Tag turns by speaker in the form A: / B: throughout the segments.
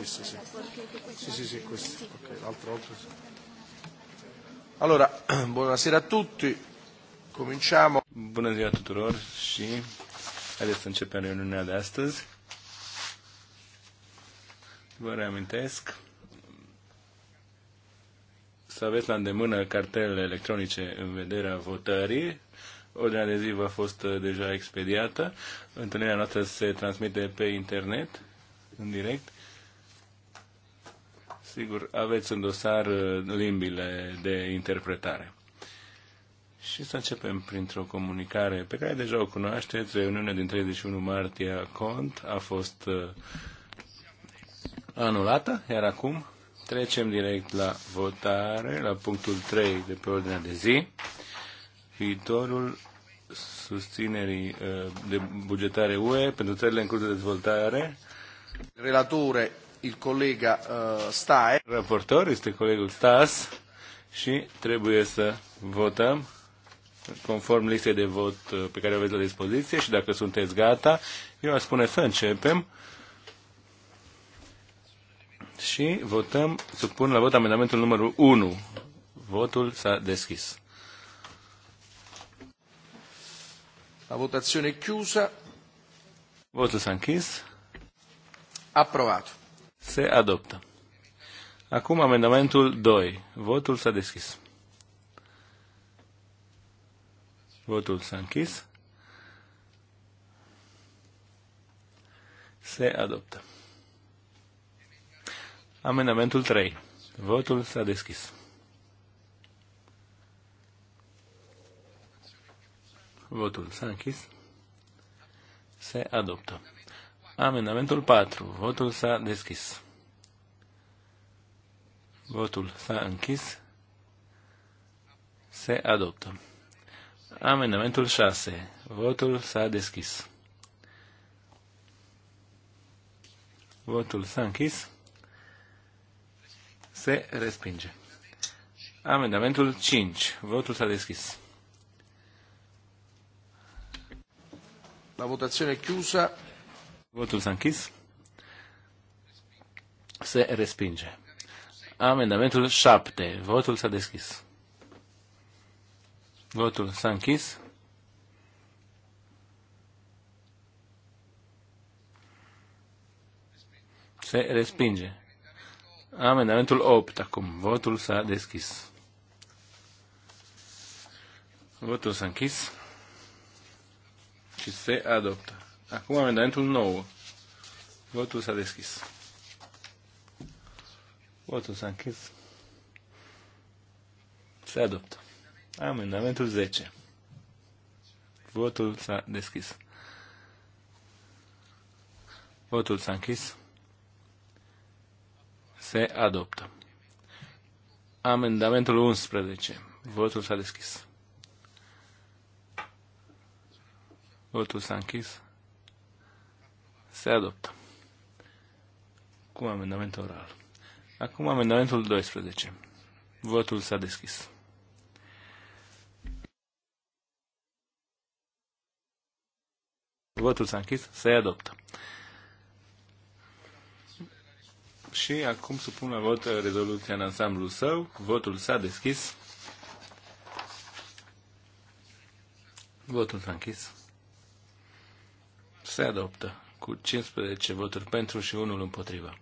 A: questo, sì. Sì, sì, sì, questo. Ok, l'altro, l'altro sì. Allora, buonasera a tutti. Cominciamo. Buonasera a tutti loro, sì. Adesso non c'è per începem reuniunea de astăzi. in reamintesc să aveți la îndemână cartelele electronice în vederea votării. Ordinea de zi a fost uh, deja expediată. Întâlnirea noastră se transmite pe internet, în direct. Sigur, aveți în dosar uh, limbile de interpretare. Și să începem printr-o comunicare pe care deja o cunoașteți. Reuniunea din 31 martie a cont a fost uh, anulată, iar acum trecem direct la votare, la punctul 3 de pe ordinea de zi. Viitorul susținerii uh, de bugetare UE pentru țările în curs de dezvoltare. Relatore il collega uh, Staes. Raportor este colegul Stas și trebuie să votăm conform listei de vot eh, pe care o aveți la dispoziție și dacă sunteți gata, eu aș spune să începem și votăm, supun la vot amendamentul numărul 1. Votul s-a deschis. La votazione chiusă. chiusa. Votul s-a închis.
B: Aprovat.
A: Se adoptă. Acum amendamentul 2. Votul s-a deschis. Votul s-a închis. Se adoptă. Amendamentul 3. Votul s-a deschis. Votul s-a închis. Se adoptă. Amendamentul 4. Votul s-a deschis. Votul s-a închis. Se adoptă. Amendamentul 6. Votul s-a deschis. Votul s-a închis. Se respinge. Amendamentul 5. Votul s-a deschis. La votazione chiusa. Votul s-a închis. Se respinge. Amendamentul 7. Votul s-a deschis. Votul s-a închis. Se respinge. Amendamentul 8. Acum, votul s-a deschis. Votul s-a închis și se adoptă. Acum amendamentul nou, Votul s-a deschis. Votul s-a închis. Se adoptă. Amendamentul 10. Votul s-a deschis. Votul s-a închis. Se adoptă. Amendamentul 11. Votul s-a deschis. Votul s-a închis. Se adoptă. Cu amendament oral. Acum amendamentul 12. Votul s-a deschis. Votul s-a închis, se adoptă. Și acum supun la vot rezoluția în ansamblu său. Votul s-a deschis. Votul s-a închis. Se adoptă cu 15 voturi pentru și unul împotriva.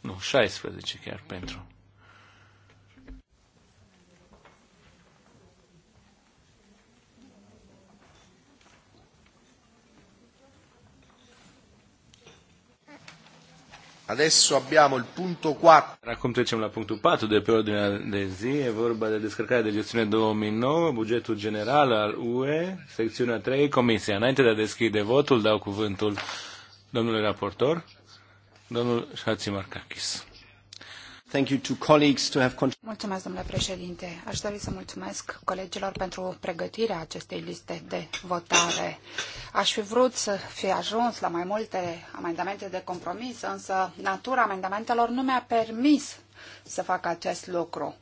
A: Nu, 16 chiar pentru. Adesso abbiamo il punto 4. Raccontiamo il punto 4 del pe ordinea zi. vorba de descărcarea de gestione 2009, bugetul general al UE, secțiunea 3, Comisia. Înainte de a deschide votul, dau cuvântul domnului raportor, domnul Hatzimarkakis
B: mulțumesc, domnule președinte. Aș dori să mulțumesc colegilor pentru pregătirea acestei liste de votare. Aș fi vrut să fi ajuns la mai multe amendamente de compromis, însă natura amendamentelor nu mi-a permis să fac acest lucru,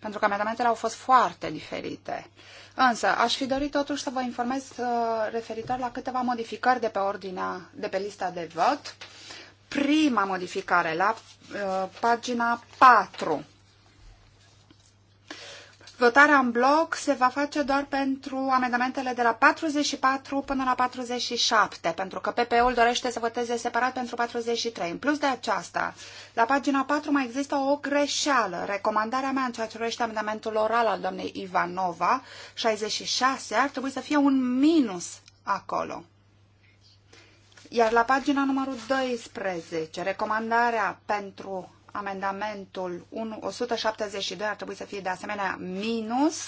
B: pentru că amendamentele au fost foarte diferite. Însă, aș fi dorit totuși să vă informez uh, referitor la câteva modificări de pe ordinea, de pe lista de vot prima modificare, la uh, pagina 4. Votarea în bloc se va face doar pentru amendamentele de la 44 până la 47, pentru că PPE-ul dorește să voteze separat pentru 43. În plus de aceasta, la pagina 4 mai există o greșeală. Recomandarea mea în ceea ce privește amendamentul oral al doamnei Ivanova, 66, ar trebui să fie un minus acolo. Iar la pagina numărul 12, recomandarea pentru amendamentul 1, 172 ar trebui să fie de asemenea minus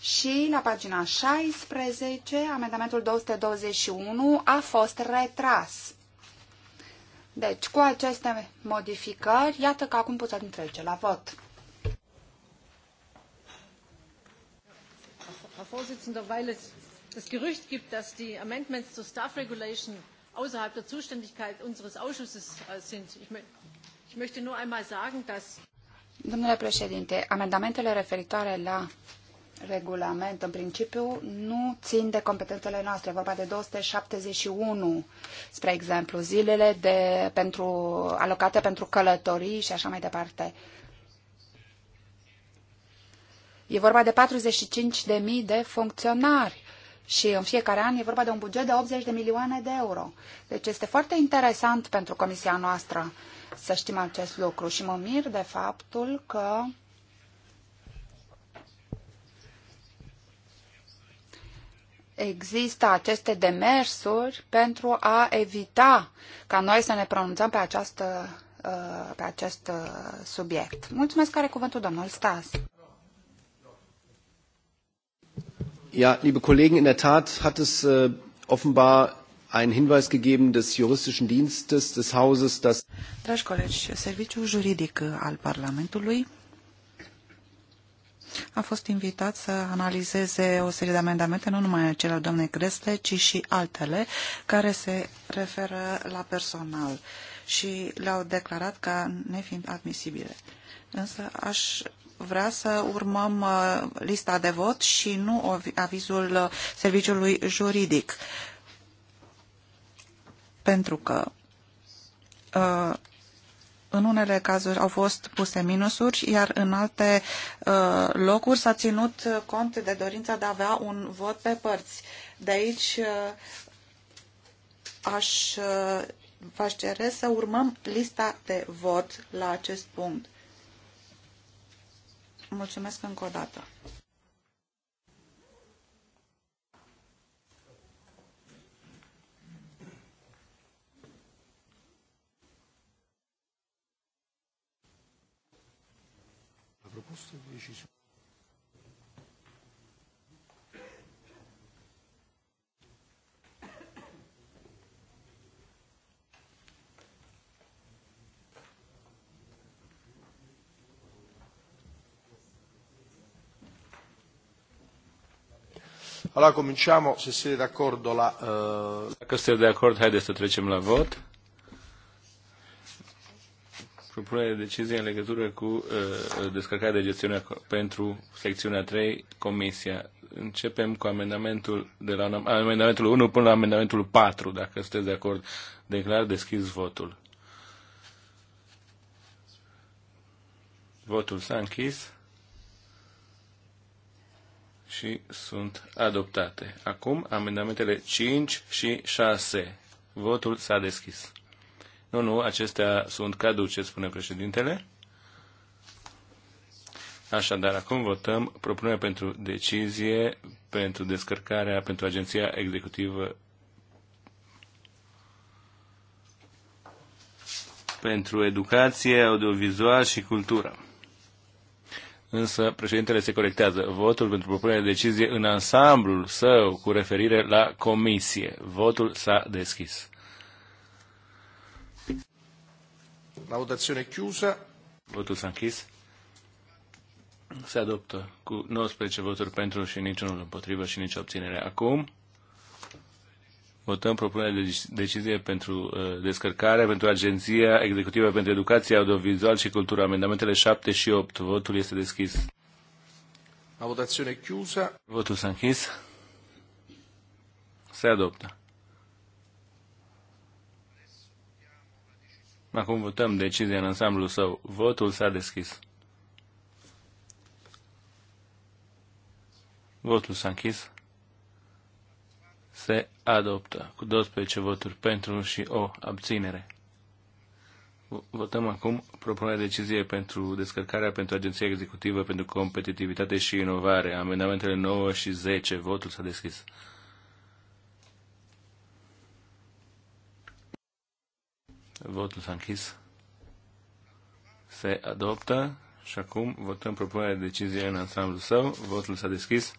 B: și la pagina 16, amendamentul 221 a fost retras. Deci, cu aceste modificări, iată că acum putem trece la vot.
C: Frau Vorsitzende, weil es das Gerücht gibt, dass die Amendments zur Staff Regulation außerhalb der Zuständigkeit unseres Ausschusses äh, sind. Ich, ich möchte nur einmal sagen, dass
B: Domnule președinte, amendamentele referitoare la regulament, în principiu, nu țin de competențele noastre. Vorba de 271, spre exemplu, zilele de, pentru, alocate pentru călătorii și așa mai departe. E vorba de 45.000 de funcționari și în fiecare an e vorba de un buget de 80 de milioane de euro. Deci este foarte interesant pentru comisia noastră să știm acest lucru și mă mir de faptul că există aceste demersuri pentru a evita ca noi să ne pronunțăm pe, această, uh, pe acest uh, subiect. Mulțumesc, care cuvântul domnul Stas.
A: Ja, liebe Kollegen, in der Tat hat es äh, offenbar einen Hinweis gegeben des juristischen Dienstes des Hauses, dass
C: Dragi colegi, serviciul juridic al Parlamentului a fost invitat să analizeze o serie de amendamente, nu numai cele al doamnei Gresle, ci și altele care se referă la personal și le-au declarat ca nefiind admisibile. Însă aș vrea să urmăm uh, lista de vot și nu avizul uh, serviciului juridic. Pentru că uh, în unele cazuri au fost puse minusuri, iar în alte locuri s-a ținut cont de dorința de a avea un vot pe părți. De aici aș v-aș cere să urmăm lista de vot la acest punct. Mulțumesc încă o dată.
B: Allora cominciamo,
A: se siete d'accordo, la... Uh... Dacă sunteți de acord, haideți să trecem la vot. Propunere de decizie în legătură cu uh, descărcarea de gestiune pentru secțiunea 3, Comisia. Începem cu amendamentul, de la, amendamentul 1 până la amendamentul 4, dacă sunteți de acord. Declar deschis votul. Votul s-a închis și sunt adoptate. Acum, amendamentele 5 și 6. Votul s-a deschis. Nu, nu, acestea sunt caduce, spune președintele. Așadar, acum votăm propunerea pentru decizie, pentru descărcarea, pentru agenția executivă, pentru educație, audiovizual și cultură însă președintele se corectează. Votul pentru propunerea de decizie în ansamblul său cu referire la comisie. Votul s-a deschis. La votazione chiusa. Votul s-a închis. Se adoptă cu 19 voturi pentru și niciunul împotrivă și nici obținere. Acum Votăm propunerea de decizie pentru uh, descărcare pentru Agenția Executivă pentru Educație, Audiovizual și Cultură. Amendamentele 7 și 8. Votul este deschis. La votație chiusă. Votul s-a închis. Se adoptă. Acum votăm decizia în ansamblu său. Votul s-a deschis. Votul s-a închis se adoptă cu 12 voturi pentru și o abținere. Votăm acum propunerea de decizie pentru descărcarea pentru Agenția Executivă pentru Competitivitate și Inovare, amendamentele 9 și 10. Votul s-a deschis. Votul s-a închis. Se adoptă și acum votăm propunerea de decizie în ansamblu său. Votul s-a deschis.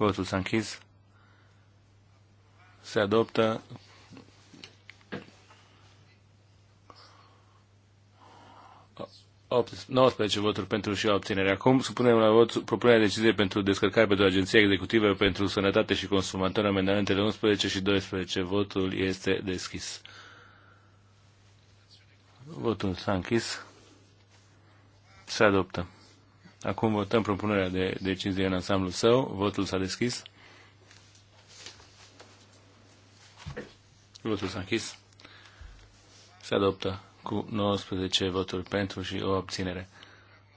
A: Votul s-a închis. Se adoptă o, 19 voturi pentru și obținere. Acum supunem la vot propunerea decizie pentru descărcare pentru Agenția Executivă pentru Sănătate și consumator. amendamentele 11 și 12. Votul este deschis. Votul s-a închis. Se adoptă. Acum votăm propunerea de decizie în ansamblu său. Votul s-a deschis. Votul s-a închis. Se adoptă cu 19 voturi pentru și o abținere.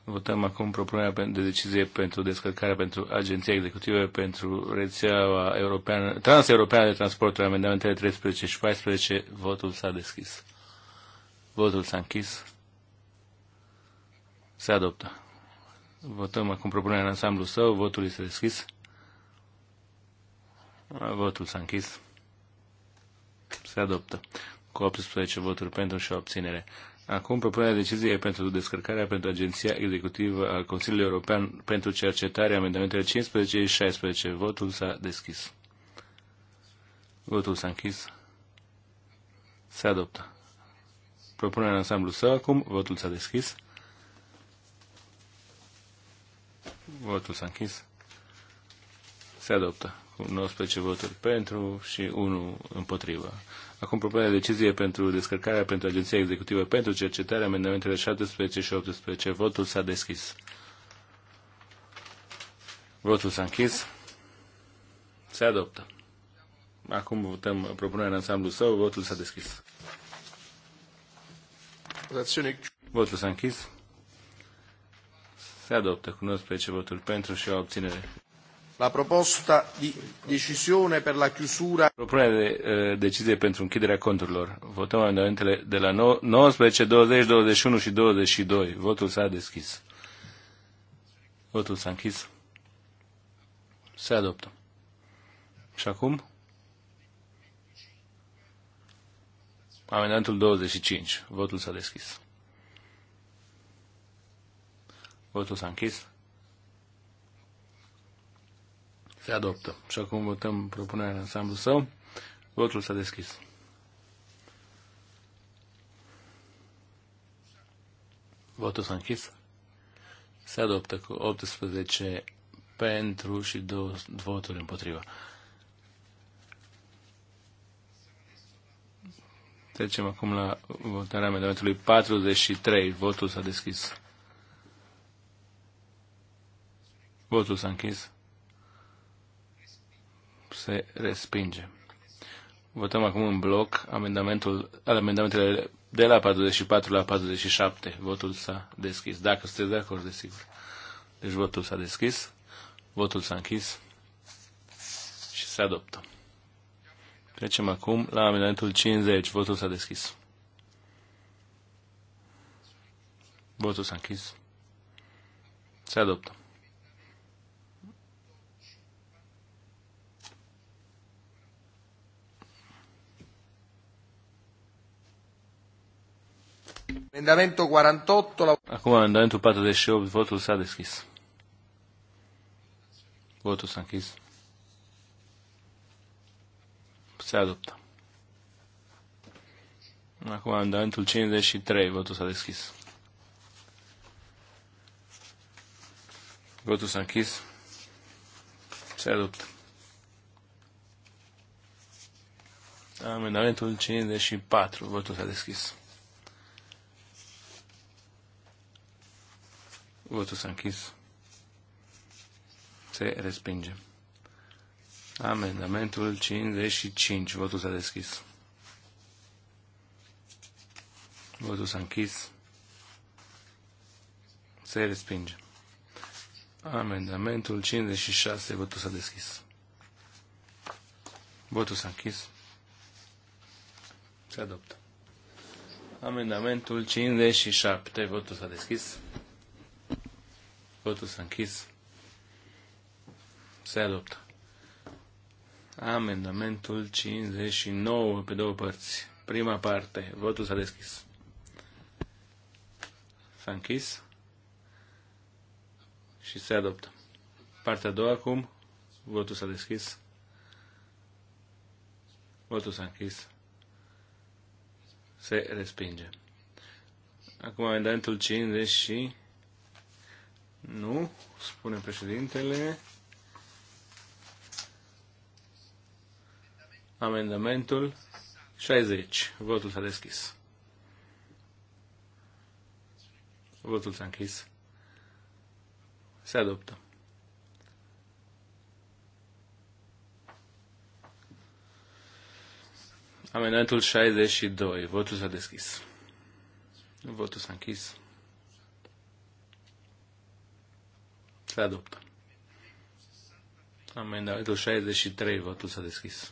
A: Votăm acum propunerea de decizie pentru descărcarea pentru Agenția Executivă pentru rețeaua europeană, transeuropeană de transporturi, amendamentele 13 și 14. Votul s-a deschis. Votul s-a închis. Se adoptă. Votăm acum propunerea în ansamblu său. Votul este deschis. Votul s-a închis. Se adoptă. Cu 18 voturi pentru și o obținere. Acum propunerea deciziei pentru descărcarea pentru Agenția Executivă a Consiliului European pentru Cercetare, amendamentele 15 și 16. Votul s-a deschis. Votul s-a închis. Se adoptă. Propunerea în ansamblu său acum. Votul s-a deschis. Votul s-a închis. Se adoptă cu 19 voturi pentru și 1 împotrivă. Acum de decizie pentru descărcarea pentru Agenția Executivă pentru cercetare amendamentele 17 și 18. Votul s-a deschis. Votul s-a închis. Se adoptă. Acum votăm propunerea în ansamblu său. Votul s-a deschis. Votul s-a închis. Se adoptă cu 19 voturi pentru și o abținere. La proposta di decisione per la chiusura... Propunerea de uh, decizie pentru închiderea conturilor. Votăm amendamentele de la no 19, 20, 21 și 22. Votul s-a deschis. Votul s-a închis. Se adoptă. Și acum? Amendamentul 25. Votul s-a deschis. Votul s-a închis. Se adoptă. Și acum votăm propunerea în ansamblu său. Votul s-a deschis. Votul s-a închis. Se adoptă cu 18 pentru și 2 voturi împotriva. Trecem acum la votarea amendamentului 43. Votul s-a deschis. Votul s-a închis. Se respinge. Votăm acum în bloc amendamentul, amendamentele de la 44 la 47. Votul s-a deschis. Dacă sunteți de acord, desigur. Deci votul s-a deschis, votul s-a închis și se adoptă. Trecem acum la amendamentul 50. Votul s-a deschis. Votul s-a închis. Se adoptă. Amendamentul 48. La... Acum, amendamentul 48, votul s-a deschis. Votul s-a închis. Se adoptă. Acum, amendamentul 53, votul s-a deschis. Votul s-a închis. Se adoptă. Amendamentul 54, votul s-a deschis. Votul s-a închis. Se respinge. Amendamentul 55. Votul s-a deschis. Votul s-a închis. Se respinge. Amendamentul 56. Votul s-a deschis. Votul s-a închis. Se adoptă. Amendamentul 57. Votul s-a deschis. Votul s-a închis. Se adoptă. Amendamentul 59 pe două părți. Prima parte. Votul s-a deschis. S-a închis. Și se adoptă. Partea a doua acum. Votul s-a deschis. Votul s-a închis. Se respinge. Acum amendamentul 50 și nu, spune președintele. Amendamentul 60. Votul s-a deschis. Votul s-a închis. Se adoptă. Amendamentul 62. Votul s-a deschis. Votul s-a închis. Se adoptă. Amendamentul 63, votul s-a deschis.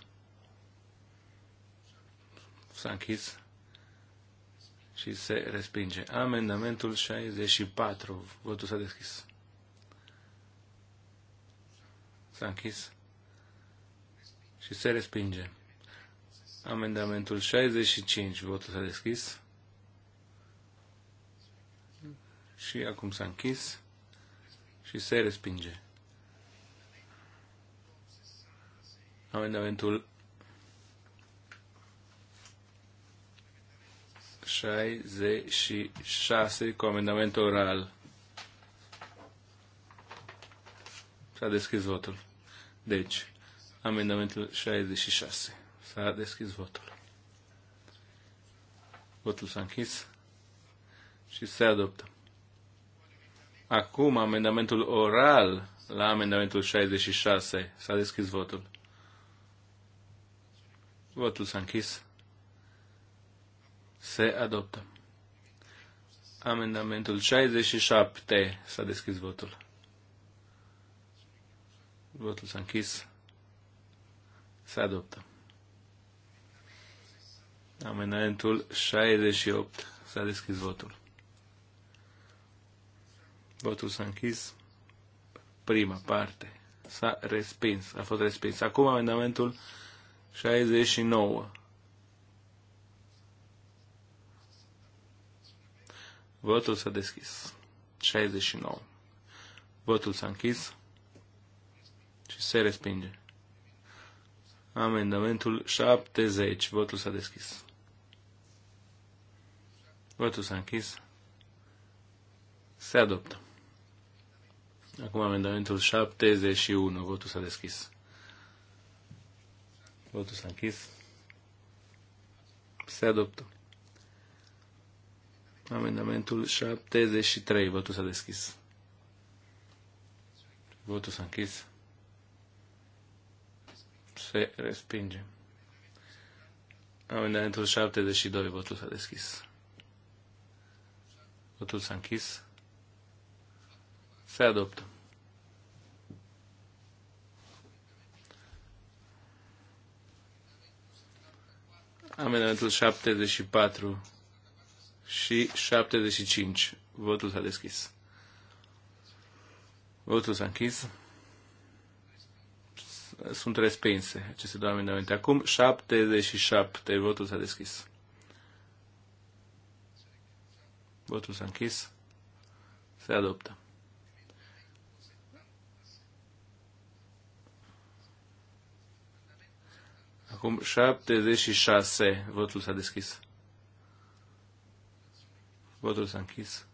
A: S-a închis și se respinge. Amendamentul 64, votul s-a deschis. S-a închis și se respinge. Amendamentul 65, votul s-a deschis. Și acum s-a închis și se respinge. Amendamentul 66 cu amendament oral. S-a deschis votul. Deci, amendamentul 66. S-a deschis votul. Votul s-a închis și se adoptă. Acum amendamentul oral la amendamentul 66. S-a deschis votul. Votul s-a închis. Se adoptă. Amendamentul 67. S-a deschis votul. Votul s-a închis. Se adoptă. Amendamentul 68. S-a deschis votul. Votul s-a închis. Prima parte. S-a respins. A fost respins. Acum amendamentul 69. Votul s-a deschis. 69. Votul s-a închis și se respinge. Amendamentul 70. Votul s-a deschis. Votul s-a închis. Se adoptă. Acum amendamentul 71. Votul s-a deschis. Votul s-a închis. Se adoptă. Amendamentul 73. Votul s-a deschis. Votul s-a închis. Se respinge. Amendamentul 72. Votul s-a deschis. Votul s-a închis. Se adoptă. Amendamentul 74 și 75. Votul s-a deschis. Votul s-a închis. Sunt respinse aceste două amendamente. Acum 77. Votul s-a deschis. Votul s-a închis. Se adoptă. Acum 76. Votul s-a deschis. Votul s-a închis.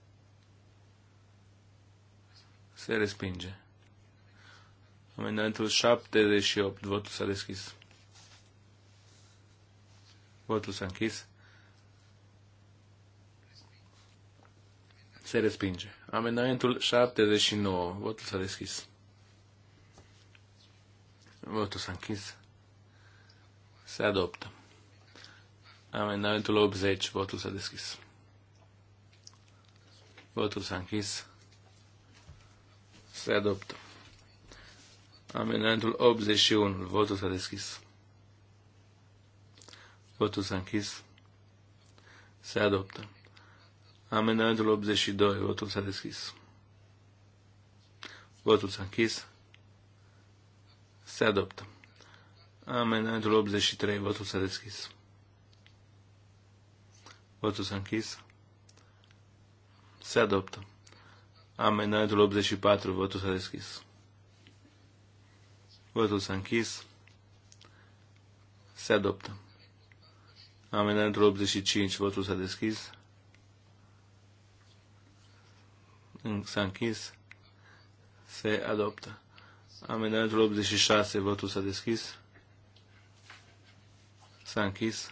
A: Se respinge. Amendamentul 78. Votul s-a deschis. Votul s-a închis. Se respinge. Amendamentul 79. Votul s-a deschis. Votul s-a închis. Se adoptă. Amendamentul 80. Votul s-a deschis. Votul s-a închis. Se adoptă. Amendamentul 81. Votul s-a deschis. Votul s-a închis. Se adoptă. Amendamentul 82. Votul s-a deschis. Votul s-a închis. Se adoptă. Amendamentul 83, votul s-a deschis. Votul s-a închis. Se adoptă. Amendamentul 84, votul s-a deschis. Votul s-a închis. Se adoptă. Amendamentul 85, votul s-a deschis. S-a închis. Se adoptă. Amendamentul 86, votul s-a deschis. S-a închis.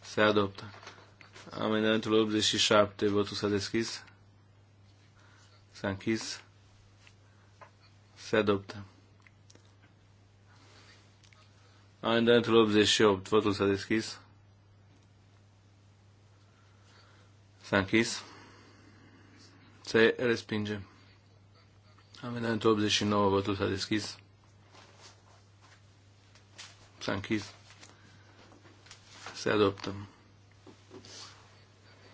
A: Se adoptă. Amendamentul 87, votul s-a deschis. S-a închis. Se adoptă. Amendamentul 88, votul s-a deschis. S-a închis. Se respinge. Amendamentul 89, votul s-a deschis. S-a închis. Se adoptă.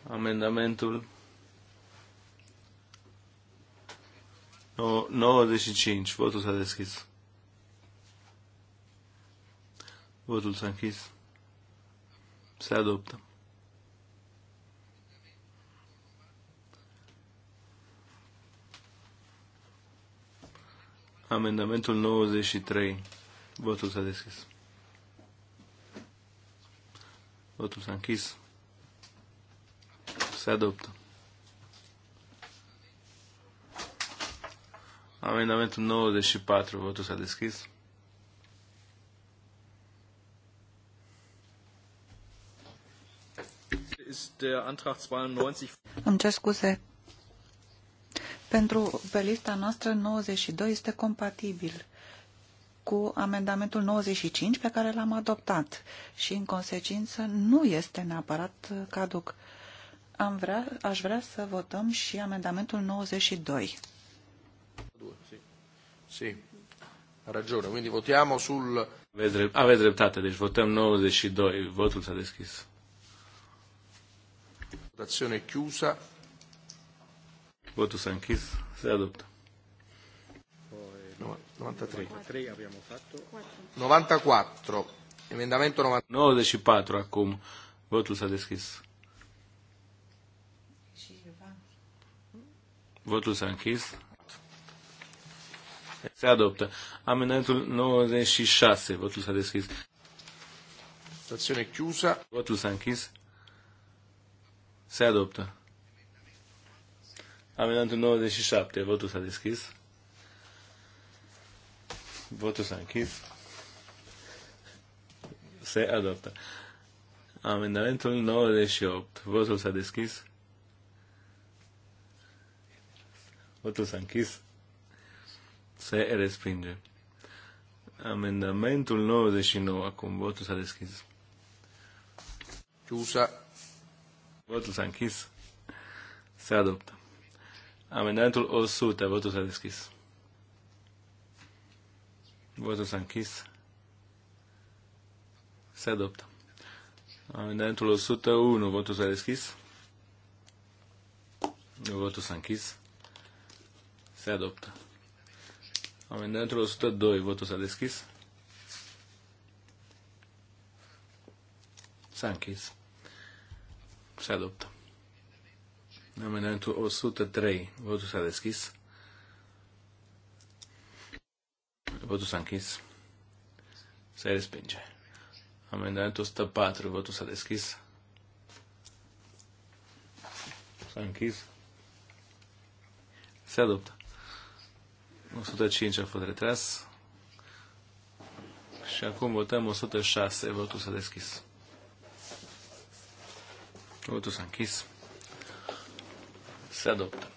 A: Amendamentul 95. Votul s-a deschis. Votul s-a închis. Se adoptă. Amendamentul 93. Votul s-a deschis. Votul s-a închis. Se adoptă. Amendamentul 94, votul s-a deschis.
C: Îmi cer scuze. Pentru pe lista noastră 92 este compatibil cu amendamentul 95 pe care l-am adoptat și, în consecință, nu este neapărat uh, caduc. Am vrea, aș vrea să votăm și amendamentul 92.
A: Sì, sì. ragione, quindi votiamo sul... Aveți dreptate, deci votăm 92, votul s-a deschis. Votazione chiusa. Votul s-a închis, se adoptă. No. 93. 93 abbiamo fatto. 94. Emendamento 94. 94 acum. Votul s-a deschis. Votul s-a închis. Se adoptă. Amendamentul 96. Votul s-a deschis. Stațiune chiusa. Votul s-a închis. Se adoptă. Amendamentul 97. Votul s-a deschis. Votul s-a închis. Se adoptă. Amendamentul 98. Votul s-a deschis. Votul s-a închis. Se respinge. Amendamentul 99. Acum votul s-a deschis. Ciusa. Votul s-a închis. Se adoptă. Amendamentul 100. Votul s-a deschis. Votul s-a închis. Se adoptă. Amendamentul 101. Votul s-a deschis. Votul s-a închis. Se adoptă. Amendamentul 102. Votul s-a deschis. S-a închis. Se adoptă. Amendamentul 103. Votul s-a deschis. Votul s-a închis. Se respinge. Amendamentul 104. Votul s-a deschis. S-a închis. Se adoptă. 105 a fost retras. Și acum votăm 106. Votul s-a deschis. Votul s-a închis. Se adoptă.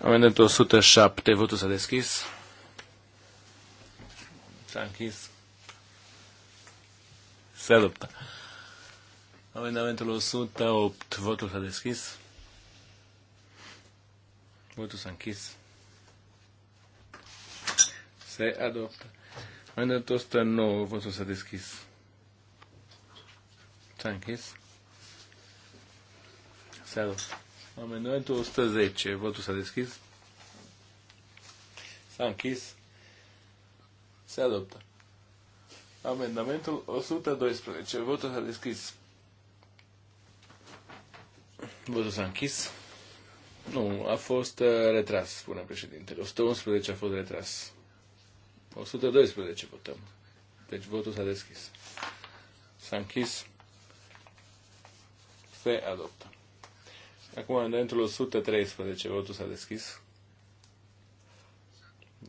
A: Amendamentul 107. Votul s-a deschis. S-a închis. Se adoptă. Amendamentul 108. Votul s-a deschis. Votul s-a închis. Se adoptă. Amendamentul 109. Votul s-a deschis. S-a închis. Se adoptă. Amendamentul 110. Votul s-a deschis. S-a închis. Se adoptă. Amendamentul 112. Votul s-a deschis. Votul s-a închis. Nu, a fost uh, retras, spune președintele. 111 a fost retras. 112 votăm. Deci votul s-a deschis. S-a închis. Se adoptă. Acum, amendamentul 113, votul s-a deschis.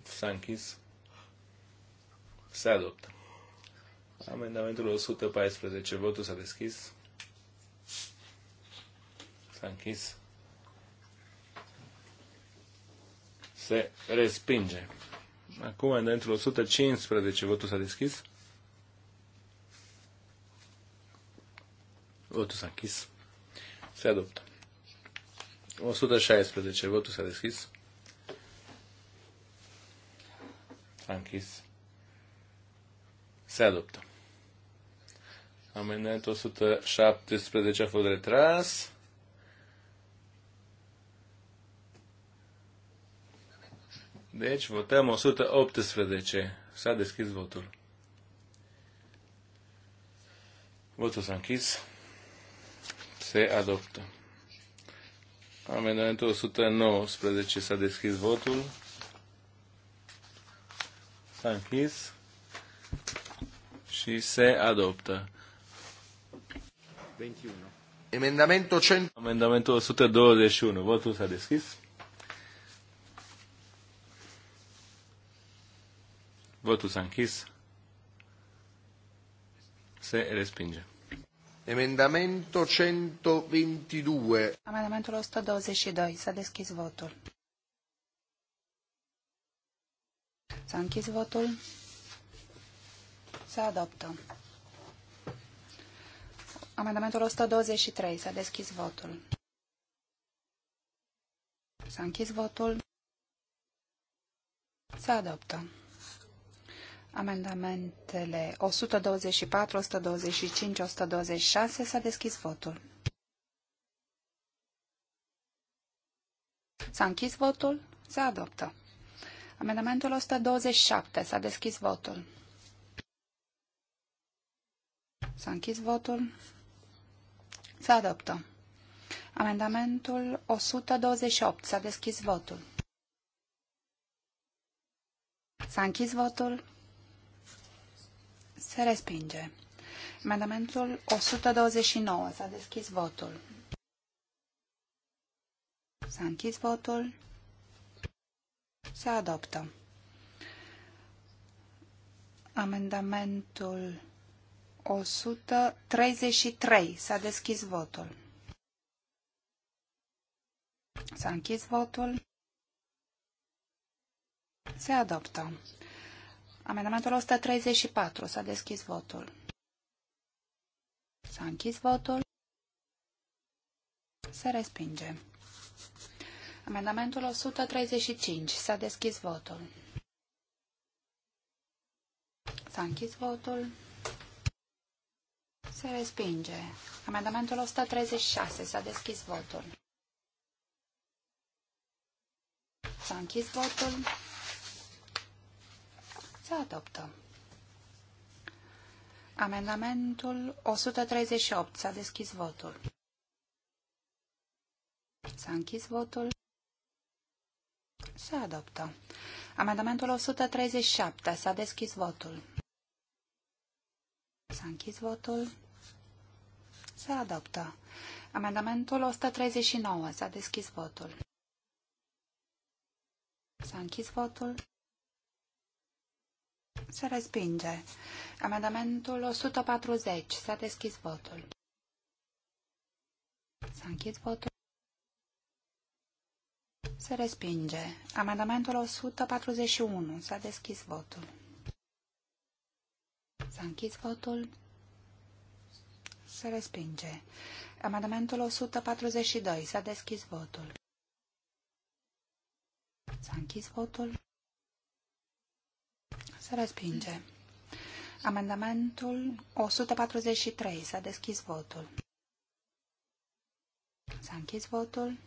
A: S-a închis. Se adoptă. Amendamentul 114. Votul s-a deschis. S-a închis. Se respinge. Acum amendamentul 115. Votul s-a deschis. Votul s-a închis. Se adoptă. 116. Votul s-a deschis. S-a închis. Se adoptă. Amendamentul 117 a fost retras. Deci votăm 118. S-a deschis votul. Votul s-a închis. Se adoptă. Amendamentul 119 s-a deschis votul. S-a închis și se adoptă. 21. Emendamentul, Amendamentul 121. Votul s-a deschis. Votul s-a închis. Se respinge. Emendamentul 122.
B: Amendamentul 122. S-a deschis votul. S-a închis votul. Se adoptă. Amendamentul 123. S-a deschis votul. S-a închis votul. Se adoptă. Amendamentele 124, 125, 126 s-a deschis votul. S-a închis votul. Se adoptă. Amendamentul 127 s-a deschis votul. S-a închis votul. Se adoptă. Amendamentul 128. S-a deschis votul. S-a închis votul. Se respinge. Amendamentul 129. S-a deschis votul. S-a închis votul. Se adoptă. Amendamentul 133. S-a deschis votul. S-a închis votul. Se adoptă. Amendamentul 134. S-a deschis votul. S-a închis votul. Se respinge. Amendamentul 135. S-a deschis votul. S-a închis votul. Se respinge. Amendamentul 136. S-a deschis votul. S-a închis votul. Se adoptă. Amendamentul 138. S-a deschis votul. S-a închis votul. Se adoptă. Amendamentul 137. S-a deschis votul. S-a închis votul. Se adoptă. Amendamentul 139. S-a deschis votul. S-a închis votul. Se respinge. Amendamentul 140. S-a deschis votul. S-a închis votul. Se respinge. Amendamentul 141. S-a deschis votul. S-a închis votul. Se respinge. Amendamentul 142. S-a deschis votul. S-a închis votul. Se respinge. Amendamentul 143. S-a deschis votul. S-a închis votul.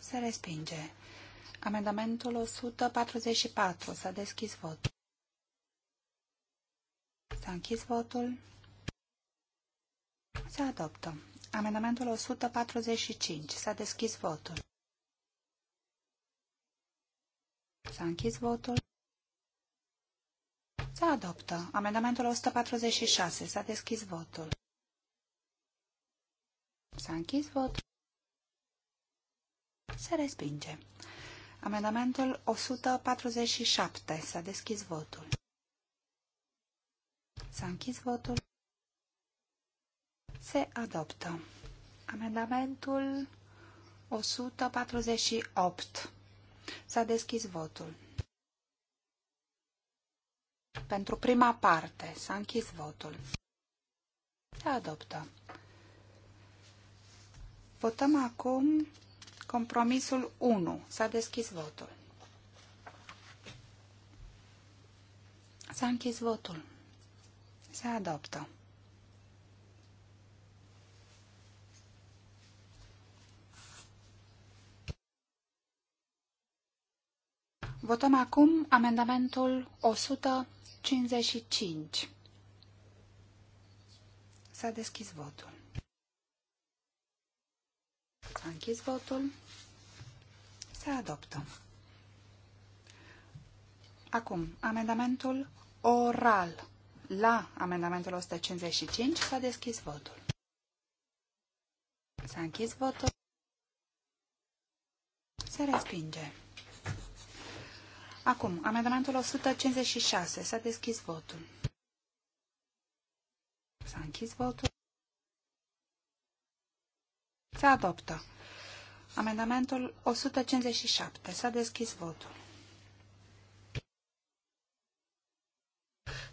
B: Se respinge. Amendamentul 144. S-a deschis votul. S-a închis votul. Se adoptă. Amendamentul 145. S-a deschis votul. S-a închis votul. Se adoptă. Amendamentul 146. S-a deschis votul. S-a închis votul. Se respinge. Amendamentul 147. S-a deschis votul. S-a închis votul. Se adoptă. Amendamentul 148. S-a deschis votul. Pentru prima parte s-a închis votul. Se adoptă. Votăm acum compromisul 1. S-a deschis votul. S-a închis votul. Se adoptă. Votăm acum amendamentul 155. S-a deschis votul. S-a închis votul. Se adoptă. Acum, amendamentul oral la amendamentul 155 s-a deschis votul. S-a închis votul. Se respinge. Acum, amendamentul 156. S-a deschis votul. S-a închis votul. Se adoptă. Amendamentul 157. S-a deschis votul.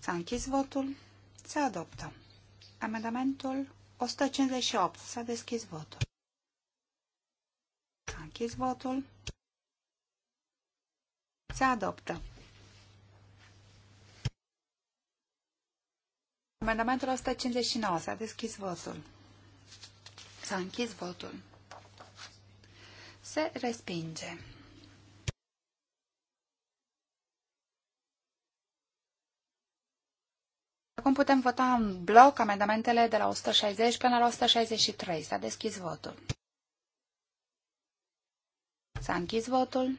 B: S-a închis votul. Se adoptă. Amendamentul 158. S-a deschis votul. S-a închis votul. Se adoptă. Amendamentul 159. S-a deschis votul. S-a închis votul. Se respinge. acum putem vota în bloc amendamentele de la 160 până la 163. S-a deschis votul. S-a închis votul.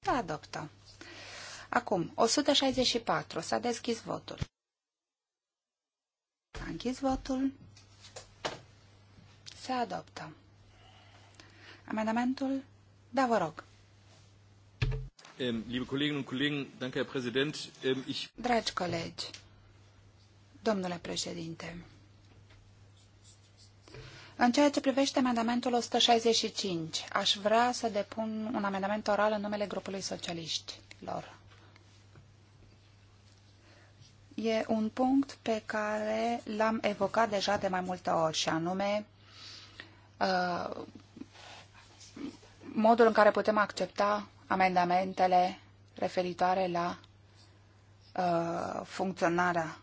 B: Se adoptă. Acum, 164. S-a deschis votul. S-a închis votul. Se adoptă. Amendamentul? Da, vă rog.
A: Ähm, liebe Kolleginnen und Kollegen, danke, Herr Präsident. Ähm, ich...
B: Dragi colegi, domnule președinte, în ceea ce privește amendamentul 165, aș vrea să depun un amendament oral în numele grupului socialiștilor. E un punct pe care l-am evocat deja de mai multe ori și anume uh, modul în care putem accepta amendamentele referitoare la uh, funcționarea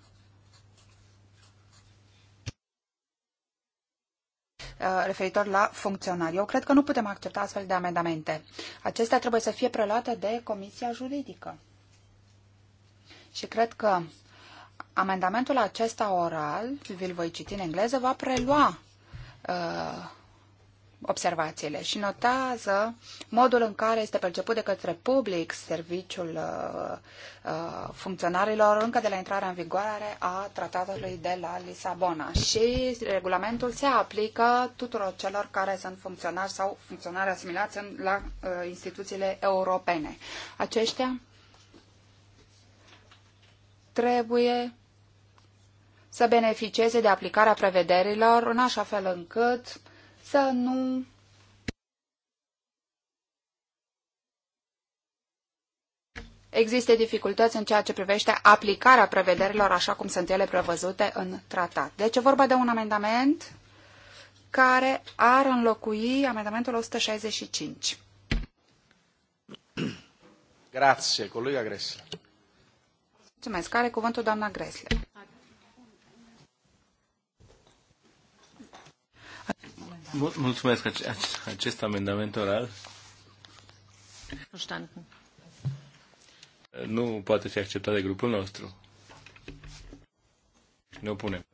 B: uh, referitor la funcționari. Eu cred că nu putem accepta astfel de amendamente. Acestea trebuie să fie preluate de Comisia Juridică. Și cred că amendamentul acesta oral, vi-l voi citi în engleză, va prelua uh, observațiile și notează modul în care este perceput de către public serviciul uh, uh, funcționarilor încă de la intrarea în vigoare a tratatului de la Lisabona și regulamentul se aplică tuturor celor care sunt funcționari sau funcționari asimilați la uh, instituțiile europene. Aceștia trebuie să beneficieze de aplicarea prevederilor în așa fel încât să nu existe dificultăți în ceea ce privește aplicarea prevederilor așa cum sunt ele prevăzute în tratat. Deci e vorba de un amendament care ar înlocui amendamentul 165.
A: Grazie, colega Gresle.
B: Mulțumesc. Care cuvântul doamna Gresle?
A: Mulțumesc acest amendament oral. Verstanden. Nu poate fi acceptat de grupul nostru. Ne opunem.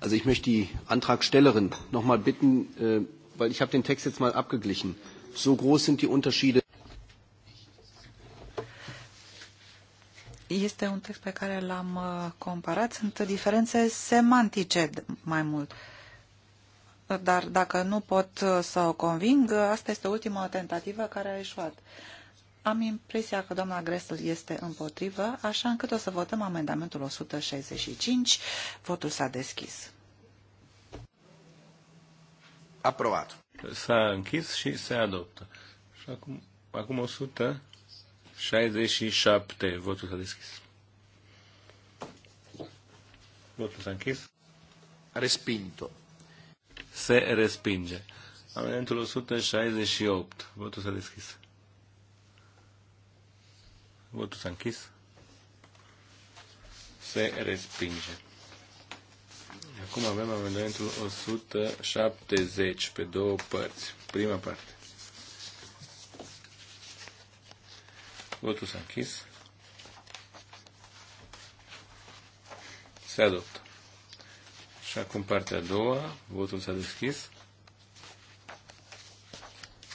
B: Also ich möchte die Antragstellerin
A: noch mal bitten, äh, weil ich habe den Text jetzt mal abgeglichen. So groß sind die Unterschiede.
C: Este un text pe care l-am äh, comparat. Sunt diferențe semantice mai mult. Uh, dar dacă nu pot uh, să o conving, uh, asta este ultima tentativă care a eșuat. Am impresia că doamna Gresel este împotrivă, așa încât o să votăm amendamentul 165. Votul s-a deschis.
A: Aprobat. S-a închis și se adoptă. Și acum, acum 167. Votul s-a deschis. Votul s-a închis. Respinto. Se respinge. Amendamentul 168. Votul s-a deschis. Votul s-a închis. Se respinge. Acum avem amendamentul 170 pe două părți. Prima parte. Votul s-a închis. Se adoptă. Și acum partea a doua, votul s-a deschis.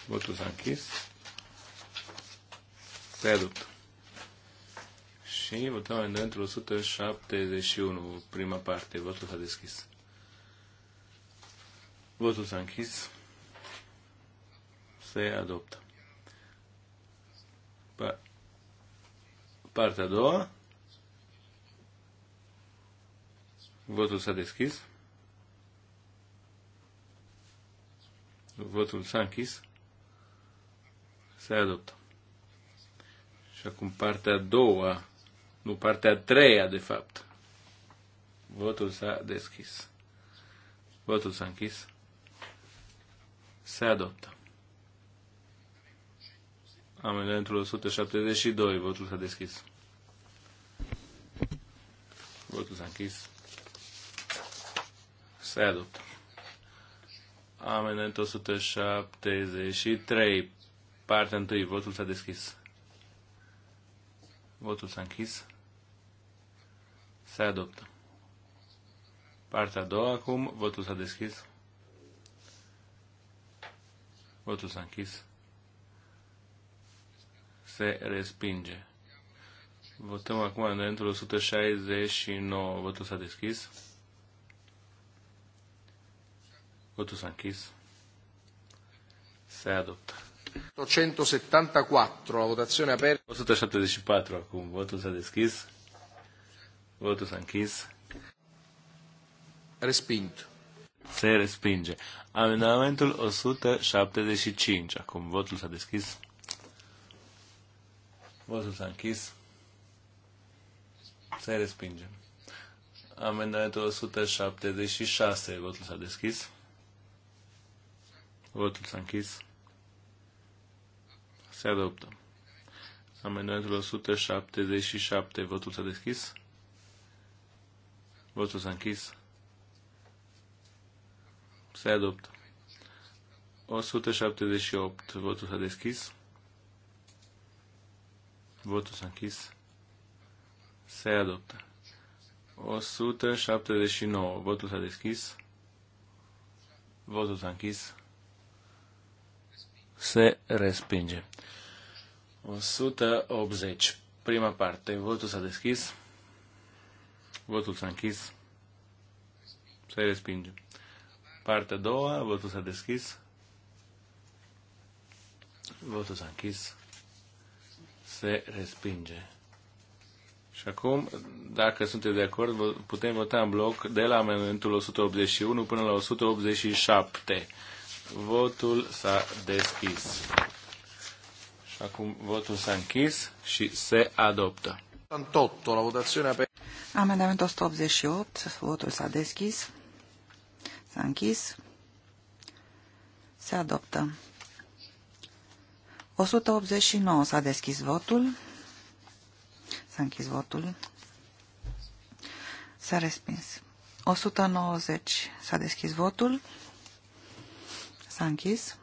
A: Votul s-a închis. Se adoptă. Și votăm amendamentul 171, prima parte. Votul s-a deschis. Votul s-a închis. Se adoptă. Pa- partea a doua, Votul s-a deschis. Votul s-a închis. Se adoptă. Și acum partea a doua, nu partea a treia, de fapt. Votul s-a deschis. Votul s-a închis. Se adoptă. Amendamentul 172. Votul s-a deschis. Votul s-a închis se adoptă. 173, partea 1, votul s-a deschis. Votul s-a închis. Se adoptă. Partea a doua acum, votul s-a deschis. Votul s-a închis. Se respinge. Votăm acum amendamentul 169. Votul s-a deschis. Votul s-a închis. Se adoptă. 174, la votazione aperta. 174 acum, votul s-a deschis. Votul s-a închis. Respint. Se respinge. Amendamentul 175. Acum votul s-a deschis. Votul s-a închis. Se respinge. Amendamentul 176. Votul s-a deschis. Votul s-a închis. Se adoptă. Amendamentul 177. Votul s-a deschis. Votul s-a închis. Se adoptă. 178. Votul s-a deschis. Votul s-a închis. Se adoptă. 179. Votul s-a deschis. Votul s-a închis se respinge. 180. Prima parte. Votul s-a deschis. Votul s-a închis. Se respinge. Partea a doua. Votul s-a deschis. Votul s-a închis. Se respinge. Și acum, dacă sunteți de acord, putem vota în bloc de la amendamentul 181 până la 187. Votul s-a deschis. Și acum votul s-a închis și se adoptă.
C: 88, la votațiune pe... Amendamentul 188, votul s-a deschis, s-a închis, se adoptă. 189 s-a deschis votul, s-a închis votul, s-a respins. 190 s-a deschis votul, S-a închis.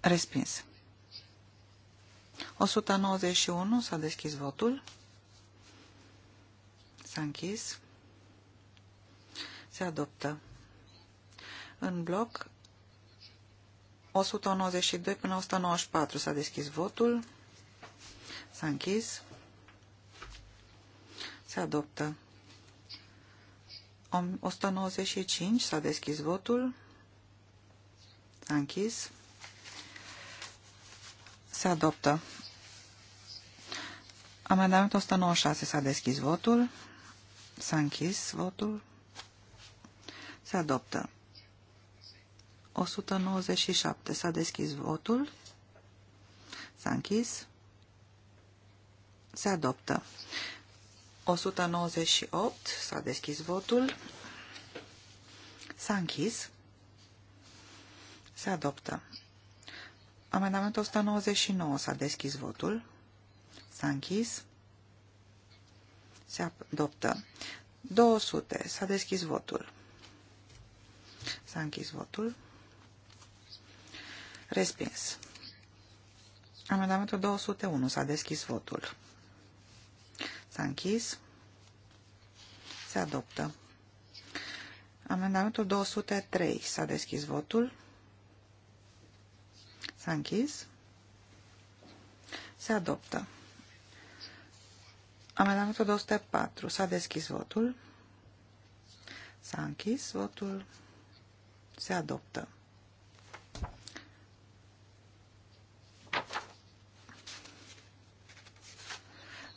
C: Respins. 191. S-a deschis votul. S-a închis. Se adoptă. În bloc 192 până 194 s-a deschis votul. S-a închis. Se adoptă. 195 s-a deschis votul. S-a închis. Se adoptă. Amendamentul 196 s-a deschis votul. S-a închis votul. Se adoptă. 197 s-a deschis votul. S-a închis. Se adoptă. 198. S-a deschis votul. S-a închis. Se adoptă. Amendamentul 199. S-a deschis votul. S-a închis. Se adoptă. 200. S-a deschis votul. S-a închis votul. Respins. Amendamentul 201. S-a deschis votul. S-a închis. Se adoptă. Amendamentul 203. S-a deschis votul. S-a închis. Se adoptă. Amendamentul 204. S-a deschis votul. S-a închis votul. Se adoptă.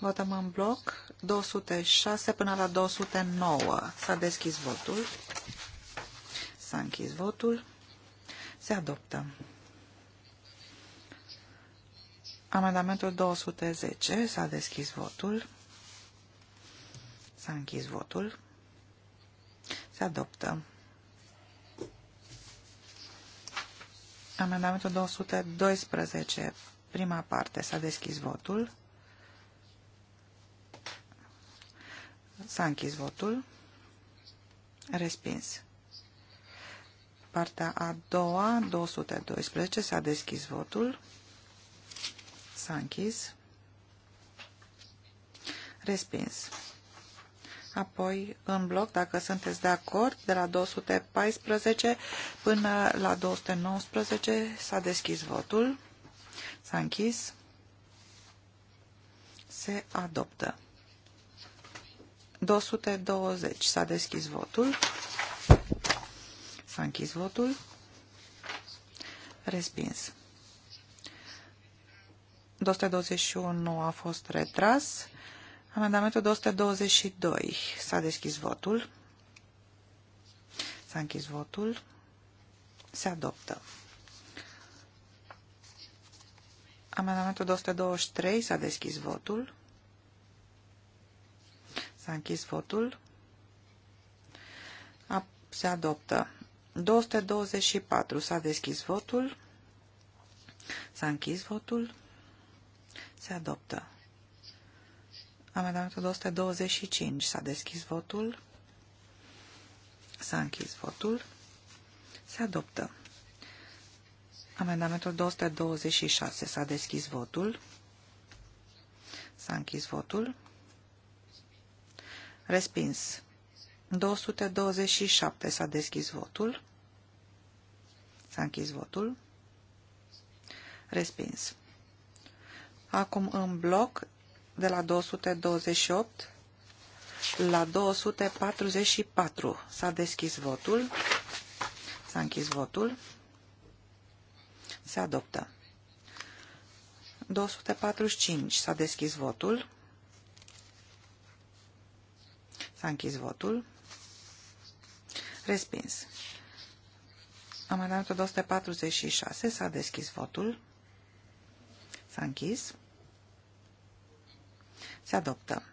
C: Votăm în bloc 206 până la 209. S-a deschis votul. S-a închis votul. Se adoptă. Amendamentul 210. S-a deschis votul. S-a închis votul. Se adoptă. Amendamentul 212. Prima parte. S-a deschis votul. S-a închis votul. Respins. Partea a doua, 212, s-a deschis votul. S-a închis. Respins. Apoi, în bloc, dacă sunteți de acord, de la 214 până la 219 s-a deschis votul. S-a închis. Se adoptă. 220. S-a deschis votul. S-a închis votul. Respins. 221 a fost retras. Amendamentul 222. S-a deschis votul. S-a închis votul. Se adoptă. Amendamentul 223. S-a deschis votul. S-a închis votul. A, se adoptă. 224. S-a deschis votul. S-a închis votul. Se adoptă. Amendamentul 225. S-a deschis votul. S-a închis votul. Se adoptă. Amendamentul 226. S-a deschis votul. S-a închis votul. Respins. 227 s-a deschis votul. S-a închis votul. Respins. Acum în bloc de la 228 la 244 s-a deschis votul. S-a închis votul. Se adoptă. 245 s-a deschis votul. S-a închis votul. Respins. Amendamentul 246. S-a deschis votul. S-a închis. Se adoptă.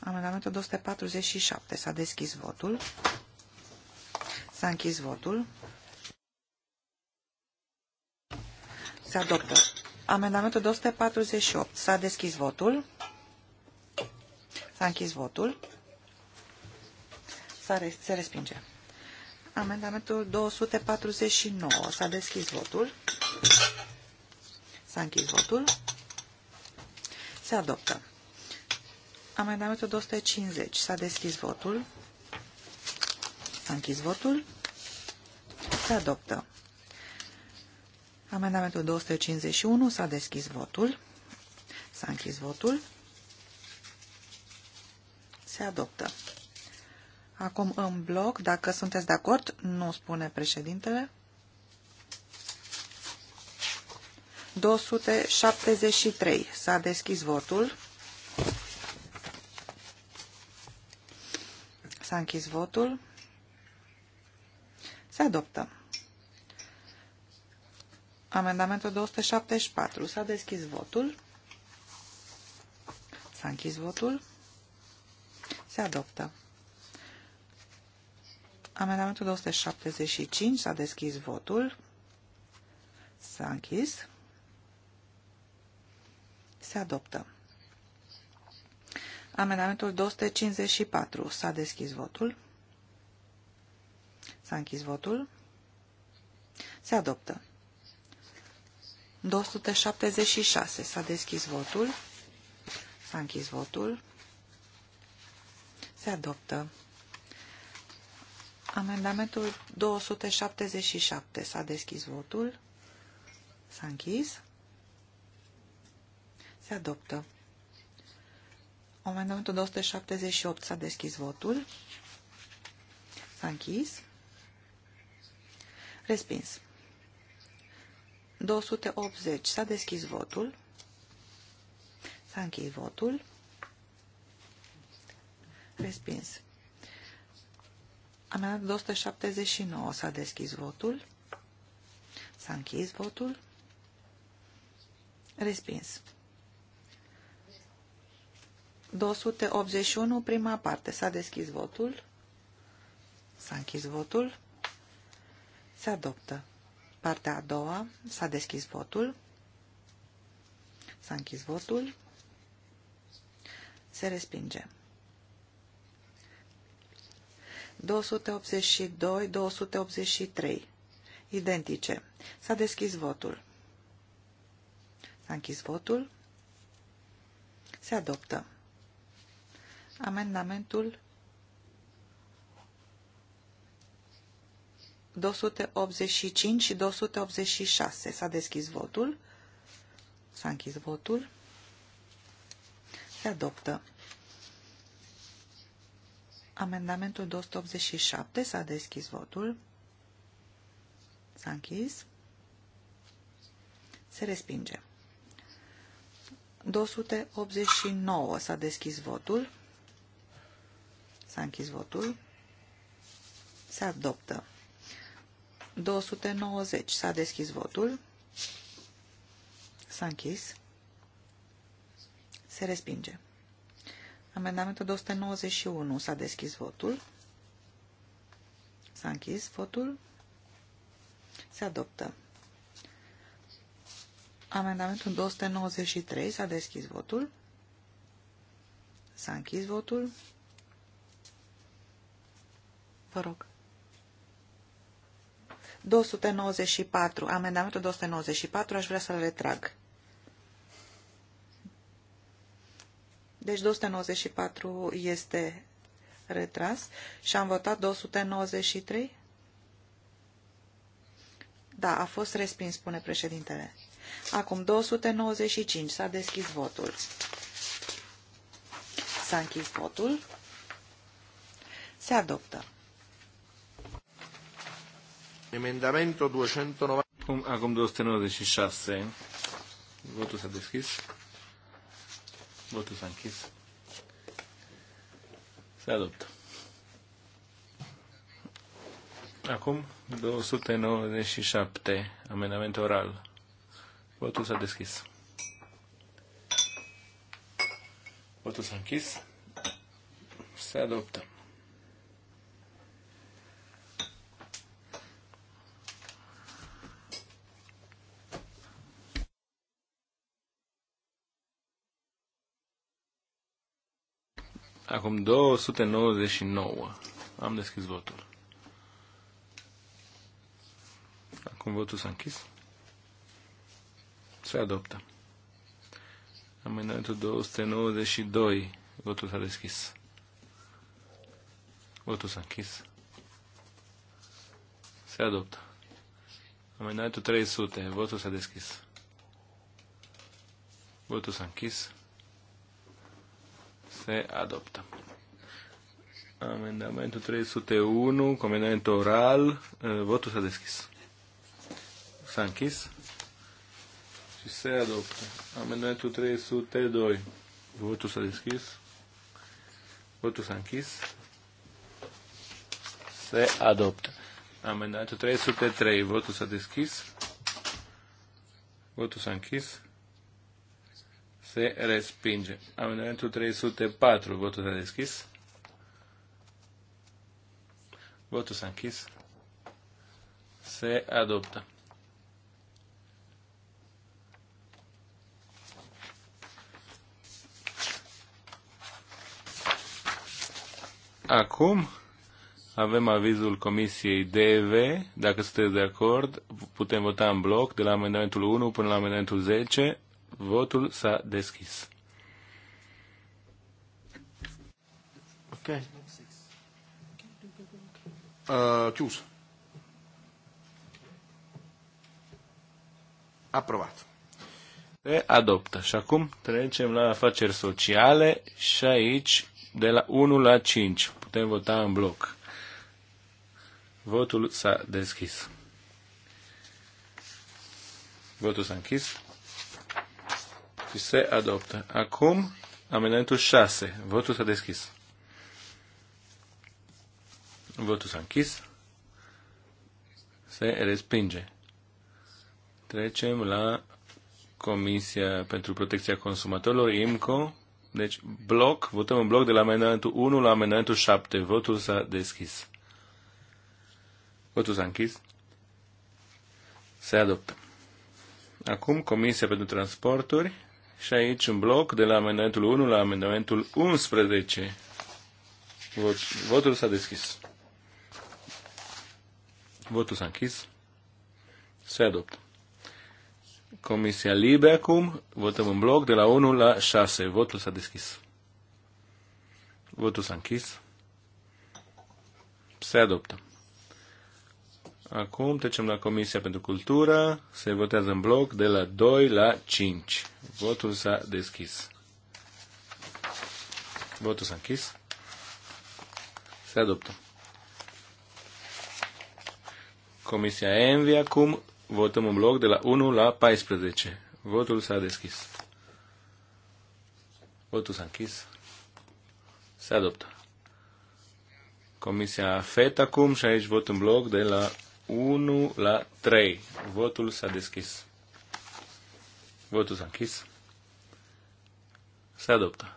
C: Amendamentul 247. S-a deschis votul. S-a închis votul. Se adoptă. Amendamentul 248. S-a deschis votul. S-a închis votul. Se respinge. Amendamentul 249. S-a deschis votul. S-a închis votul. Se adoptă. Amendamentul 250. S-a deschis votul. S-a închis votul. Se adoptă. Amendamentul 251. S-a deschis votul. S-a închis votul se adoptă. Acum în bloc, dacă sunteți de acord, nu spune președintele. 273. S-a deschis votul. S-a închis votul. Se adoptă. Amendamentul 274. S-a deschis votul. S-a închis votul. Se adoptă. Amendamentul 275 s-a deschis votul. S-a închis. Se adoptă. Amendamentul 254 s-a deschis votul. S-a închis votul. Se adoptă. 276 s-a deschis votul. S-a închis votul. Se adoptă. Amendamentul 277. S-a deschis votul. S-a închis. Se adoptă. Amendamentul 278. S-a deschis votul. S-a închis. Respins. 280. S-a deschis votul. S-a închis votul. Respins. Amendamentul 279. S-a deschis votul. S-a închis votul. Respins. 281, prima parte. S-a deschis votul. S-a închis votul. Se adoptă. Partea a doua. S-a deschis votul. S-a închis votul. Se respinge. 282, 283. Identice. S-a deschis votul. S-a închis votul. Se adoptă. Amendamentul 285 și 286. S-a deschis votul. S-a închis votul. Se adoptă. Amendamentul 287 s-a deschis votul. S-a închis. Se respinge. 289 s-a deschis votul. S-a închis votul. Se adoptă. 290 s-a deschis votul. S-a închis. Se respinge. Amendamentul 291. S-a deschis votul. S-a închis votul. Se adoptă. Amendamentul 293. S-a deschis votul. S-a închis votul. Vă rog. 294. Amendamentul 294 aș vrea să-l retrag. Deci 294 este retras și am votat 293? Da, a fost respins, spune președintele. Acum 295. S-a deschis votul. S-a închis votul. Se adoptă.
A: Emendamentul 290. Acum 296. Votul s-a deschis. Votul s-a închis. Se adoptă. Acum 297, amendament oral. Votul s-a deschis. Votul s-a închis. Se adoptă. Acum 299. Am deschis votul. Acum votul s-a închis. Se adoptă. Amendamentul 292. Votul s-a deschis. Votul s-a închis. Se adoptă. Amendamentul 300. Votul s-a deschis. Votul s-a închis se adoptă. Amendamentul 301, comandament oral, uh, votul s-a deschis. S-a închis și se adoptă. Amendamentul 302, votul s-a deschis, votul s-a închis, se adoptă. Amendamentul 303, votul s-a deschis, votul s-a închis se respinge. Amendamentul 304. Votul s-a deschis. Votul s-a închis. Se adoptă. Acum avem avizul Comisiei DV. Dacă sunteți de acord, putem vota în bloc de la amendamentul 1 până la amendamentul 10. Votul s-a deschis. Ok. Uh, chius. Aprobat. Se adoptă. Și acum trecem la afaceri sociale și aici de la 1 la 5. Putem vota în bloc. Votul s-a deschis. Votul s-a închis și se adoptă. Acum, amendamentul 6. Votul s-a deschis. Votul s-a închis. Se respinge. Trecem la Comisia pentru Protecția Consumatorilor, IMCO. Deci, bloc, votăm în bloc de la amendamentul 1 la amendamentul 7. Votul s-a deschis. Votul s-a închis. Se adoptă. Acum, Comisia pentru Transporturi. Și aici un bloc, de la amendamentul 1 la amendamentul 11. Vot, votul s-a deschis. Votul s-a închis. Se adoptă. Comisia Libe acum. Votăm în bloc de la 1 la 6. Votul s-a deschis. Votul s-a închis. Se adoptă. Acum trecem la Comisia pentru Cultură. Se votează în bloc de la 2 la 5. Votul s-a deschis. Votul s-a închis. Se adoptă. Comisia Envi acum votăm în bloc de la 1 la 14. Votul s-a deschis. Votul s-a închis. Se adoptă. Comisia FET acum și aici vot în bloc de la 1 la 3. Votul s-a deschis. Votul s-a închis. Se adoptă.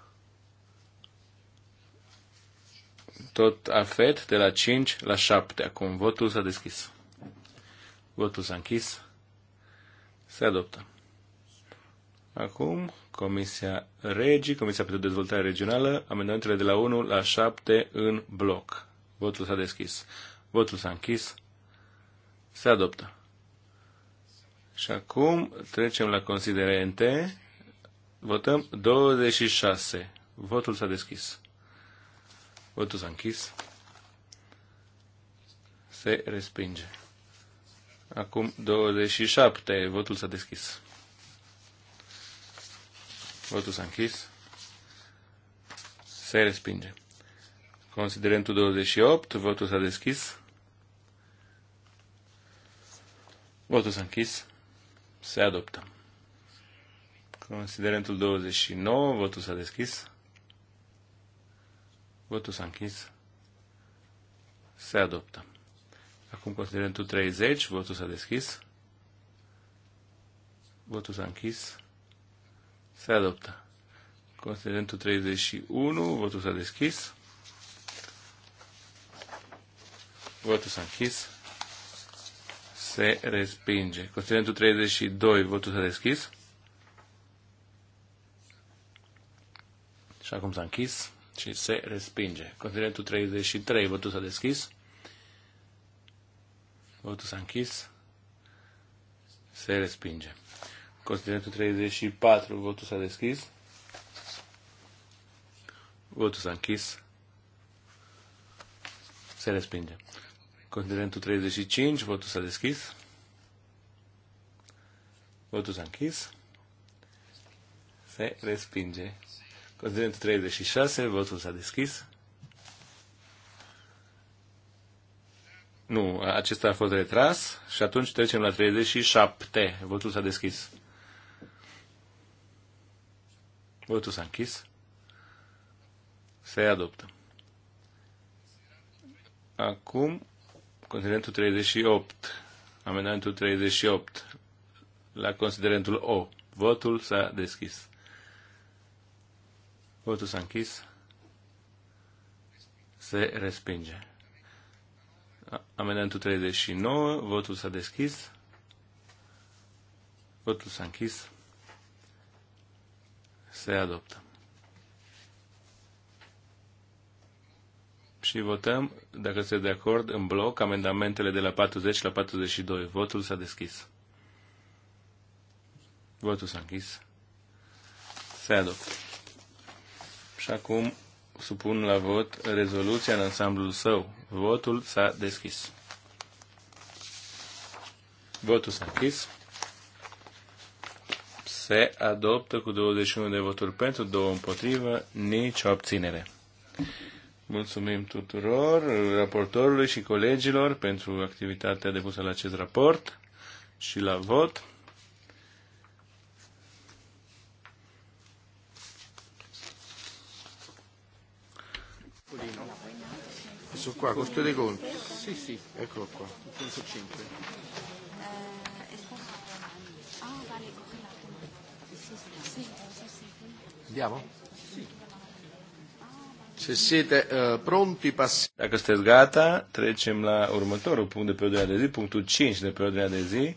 A: Tot afet de la 5 la 7. Acum votul s-a deschis. Votul s-a închis. Se adoptă. Acum, Comisia Regii, Comisia pentru Dezvoltare Regională, amendamentele de la 1 la 7 în bloc. Votul s-a deschis. Votul s-a închis. Se adoptă. Și acum trecem la considerente. Votăm 26. Votul s-a deschis. Votul s-a închis. Se respinge. Acum 27. Votul s-a deschis. Votul s-a închis. Se respinge. Considerentul 28. Votul s-a deschis. Votul s-a închis. Se adoptă. Considerentul 29, votul s-a deschis. Votul s-a închis. Se adoptă. Acum considerentul 30, votul s-a deschis. Votul s-a închis. Se adoptă. Considerentul 31, votul s-a deschis. Votul s-a închis se respinge. Considerentul 32, votul s-a deschis. Și acum s-a închis și se respinge. Considerentul 33, votul s-a deschis. Votul s-a închis. Se respinge. Considerentul 34, votul s-a deschis. Votul s-a închis. Se respinge. Considerentul 35, votul s-a deschis. Votul s-a închis. Se respinge. Considerentul 36, votul s-a deschis. Nu, acesta a fost retras și atunci trecem la 37. Votul s-a deschis. Votul s-a închis. Se adoptă. Acum Considerentul 38. Amendamentul 38. La considerentul O. Votul s-a deschis. Votul s-a închis. Se respinge. Amendamentul 39. Votul s-a deschis. Votul s-a închis. Se adoptă. și votăm, dacă se de acord, în bloc amendamentele de la 40 la 42. Votul s-a deschis. Votul s-a închis. Se adoptă. Și acum supun la vot rezoluția în ansamblul său. Votul s-a deschis. Votul s-a închis. Se adoptă cu 21 de voturi pentru, 2 împotrivă, nicio abținere. Mulțumim tuturor, raportorului și colegilor pentru activitatea depusă la acest raport și la vot. Su qua, costo dei conti. Sì, sì. Eccolo qua. 5. Andiamo? Se siete uh, pronti, passi... Dacă sunteți gata, trecem la următorul punct de pe ordinea de zi, punctul 5 de pe ordinea de zi.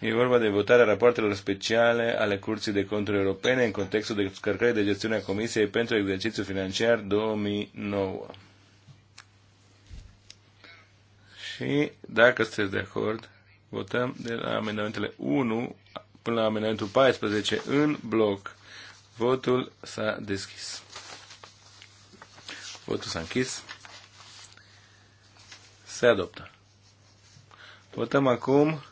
A: E vorba de votarea rapoartelor speciale ale Curții de Conturi Europene în contextul descărcării de gestiune a Comisiei pentru exercițiul financiar 2009. Și, dacă sunteți de acord, votăm de la amendamentele 1 până la amendamentul 14 în bloc. Votul s-a deschis. Votul s-a închis. Se adoptă. Votăm acum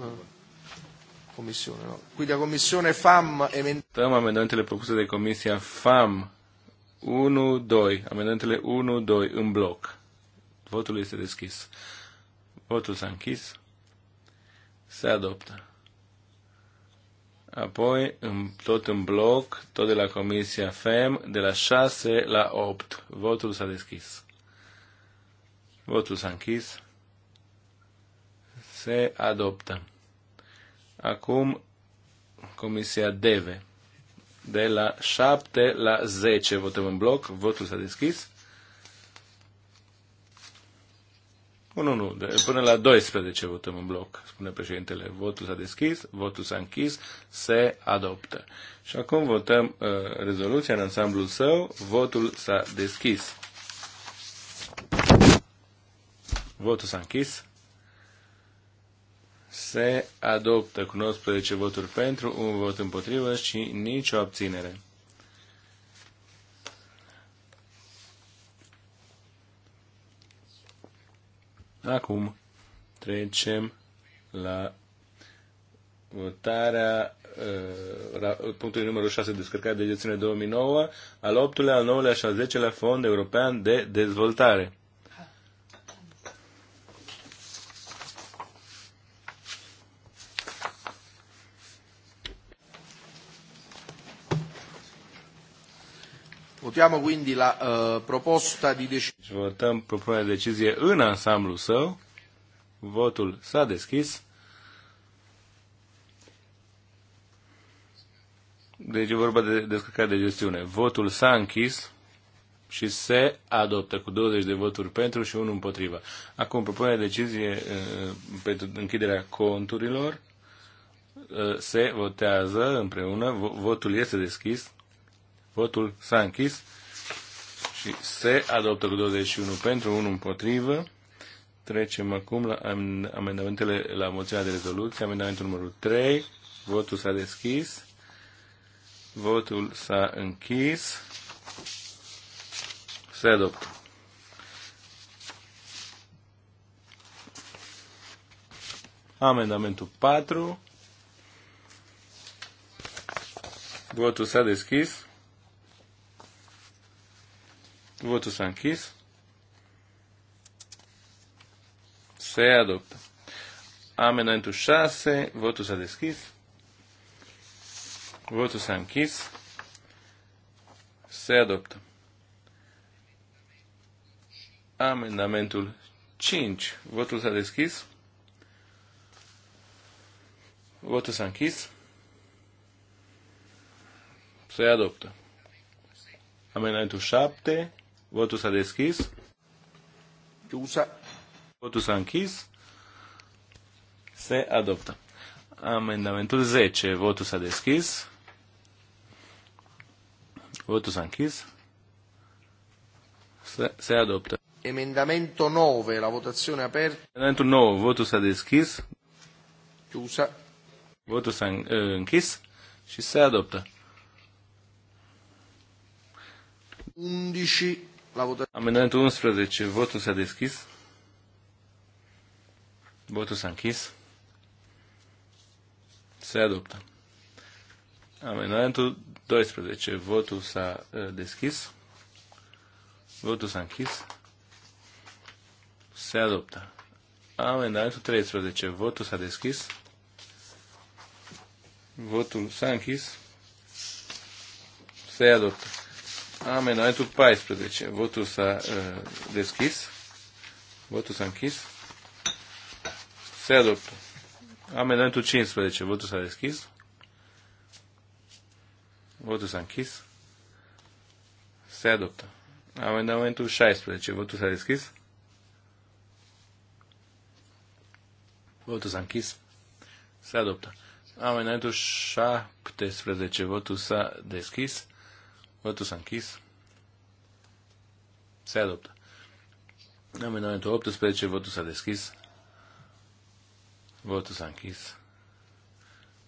A: da Commissione, no? Quindi la Commissione FAM emendăm amendamentele propuse de Comisia FAM 1 2, amendamentele 1 2 în bloc. Votul este deschis. Votul s-a închis. Se adoptă. Apoi, în, tot în bloc, tot de la Comisia FEM, de la 6 la 8. Votul s-a deschis. Votul s-a închis. Se adoptă. Acum, Comisia DEVE. De la 7 la 10 votăm în bloc. Votul s-a deschis. 1, nu, nu, de, până la 12 votăm în bloc, spune președintele. Votul s-a deschis, votul s-a închis, se adoptă. Și acum votăm uh, rezoluția în ansamblul său, votul s-a deschis. Votul s-a închis. Se adoptă cu 19 voturi pentru, un vot împotrivă și nicio abținere. Acum trecem la votarea uh, punctului numărul 6, descărcare de gestiune 2009, al 8-lea, al 9-lea și al 10-lea Fond European de Dezvoltare. Votiamo quindi la uh, proposta di decisione. Deci votăm propunerea de decizie în ansamblu său. Votul s-a deschis. Deci e vorba de descărcare de gestiune. Votul s-a închis și se adoptă cu 20 de voturi pentru și unul împotriva. Acum de decizie uh, pentru închiderea conturilor. Uh, se votează împreună. Votul este deschis. Votul s-a închis și se adoptă cu 21 pentru, 1 împotrivă. Trecem acum la amendamentele la moțiunea de rezoluție. Amendamentul numărul 3. Votul s-a deschis. Votul s-a închis. Se adoptă. Amendamentul 4. Votul s-a deschis. Votul s-a închis. Se adoptă. Amendamentul 6. Votul s-a deschis. Votul s-a închis. Se adoptă. Amendamentul 5. Votul s-a deschis. Votul s-a închis. Se adoptă. Amendamentul 7. Votul s-a deschis. Chiusa. Votul s-a închis. Se adoptă. Amendamentul 10. Votul s-a deschis. Votul s-a închis. Se, se adoptă. Emendamento 9, la votazione aperta. Emendamentul 9, votul s-a deschis. Chiusa. Votul s-a uh, închis și se adoptă. 11 la votare. Amendamentul 11. Votul s-a deschis. Votul s-a închis. Se adoptă. Amendamentul 12. Uh, Votul s-a deschis. Votul s-a închis. Se adoptă. Amendamentul 13. Votul s-a deschis. Votul s-a închis. Se adoptă. Amendamentul 14. Votul s-a uh, deschis. Votul s-a închis. Se adoptă. Amendamentul 15. Votul s-a deschis. Votul s-a închis. Se adoptă. Amendamentul 16. Votul s-a deschis. Votul s-a închis. Se adoptă. Amendamentul 17. Votul s-a deschis. Votul s-a închis. Se adoptă. Amendamentul 18, votul s-a deschis. Votul s-a închis.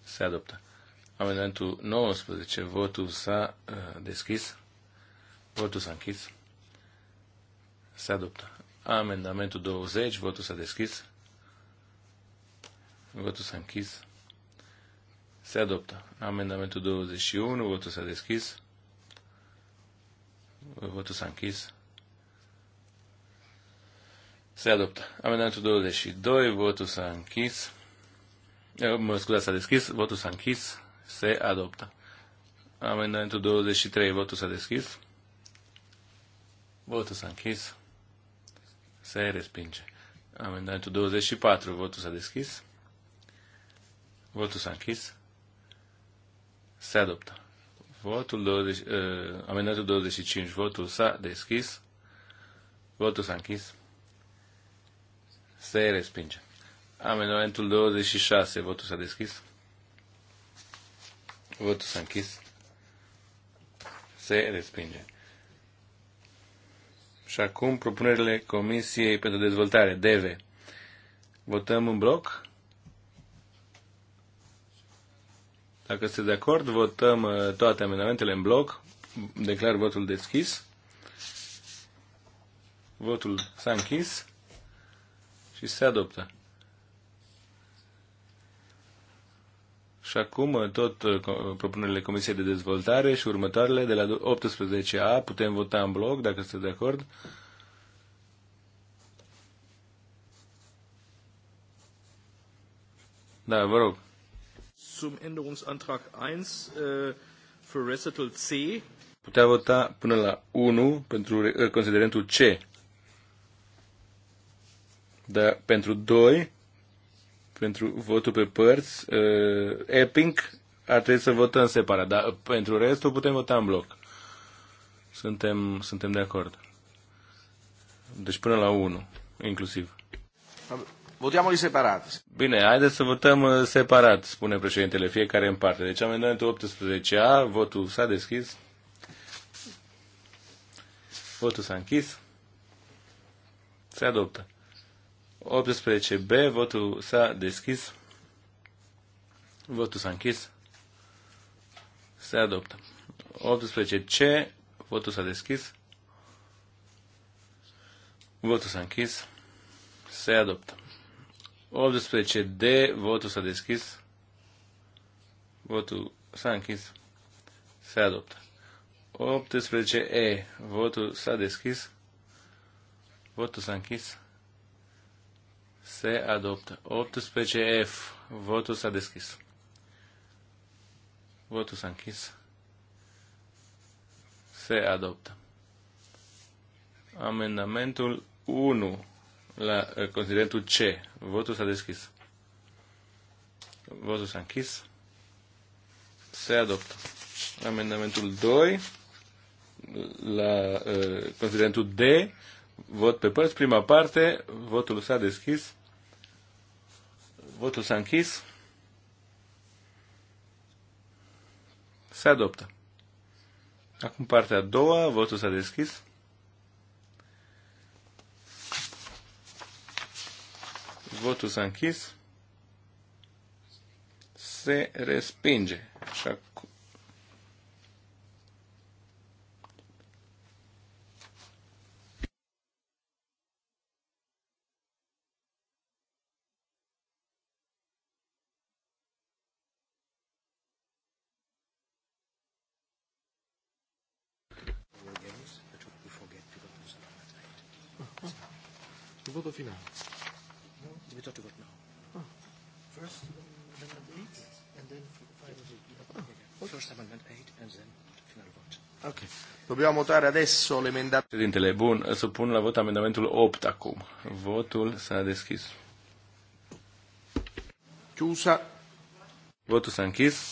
A: Se adoptă. Amendamentul 19, votul s-a uh, deschis. Votul s-a închis. Se adoptă. Amendamentul 20, votul s-a deschis. Votul s-a închis. Se adoptă. Amendamentul 21, votul s-a deschis. Votul s-a închis. Se adoptă. Amendamentul 22, votul s-a închis. Eh, mă scuzați, s-a deschis, votul s-a închis, se adoptă. Amendamentul 23, votul s-a deschis. Votul s-a închis. Se respinge. Amendamentul 24, votul s-a deschis. Votul s-a închis. Se adoptă. Votul 20, uh, amendatul 25. Votul s-a deschis. Votul s-a închis. Se respinge. Amendamentul 26. Votul s-a deschis. Votul s-a închis. Se respinge. Și acum propunerile Comisiei pentru Dezvoltare, DEVE. Votăm în bloc? Dacă sunteți de acord, votăm uh, toate amendamentele în bloc. Declar votul deschis. Votul s-a închis și se adoptă. Și acum uh, tot uh, propunerile Comisiei de Dezvoltare și următoarele de la 18A putem vota în bloc, dacă sunteți de acord. Da, vă rog zum Änderungsantrag 1 äh, für Recital C. Putea vota până la 1 pentru äh, considerentul C. Dar pentru 2, pentru votul pe părți, äh, Epping ar trebui să votăm separat, dar pentru restul putem vota în bloc. Suntem, suntem de acord. Deci până la 1, inclusiv. Votiamoli separat. Bine, haideți să votăm uh, separat, spune președintele, fiecare în parte. Deci amendamentul 18A, votul s-a deschis. Votul s-a închis. Se adoptă. 18B, votul s-a deschis. Votul s-a închis. Se adoptă. 18C, votul s-a deschis. Votul s-a închis. Se adoptă. 18 D, votul s-a deschis. Votul s-a închis. Se adoptă. 18 E, votul s-a deschis. Votul s-a închis. Se adoptă. 18 F, votul s-a deschis. Votul s-a închis. Se adoptă. Amendamentul 1 la eh, considerentul C. Votul s-a deschis. Votul s-a închis. Se adoptă. Amendamentul 2 la uh, eh, considerentul D. Vot pe părți. Prima parte. Votul s-a deschis. Votul s-a închis. Se adoptă. Acum partea a doua. Votul s-a deschis. Votul s-a închis. Se respinge. Așa Andiamo votare adesso l'emendamento. Președintele, bun, supun la vot amendamentul 8 acum. Votul s-a deschis. Chiusa. Votul s-a închis.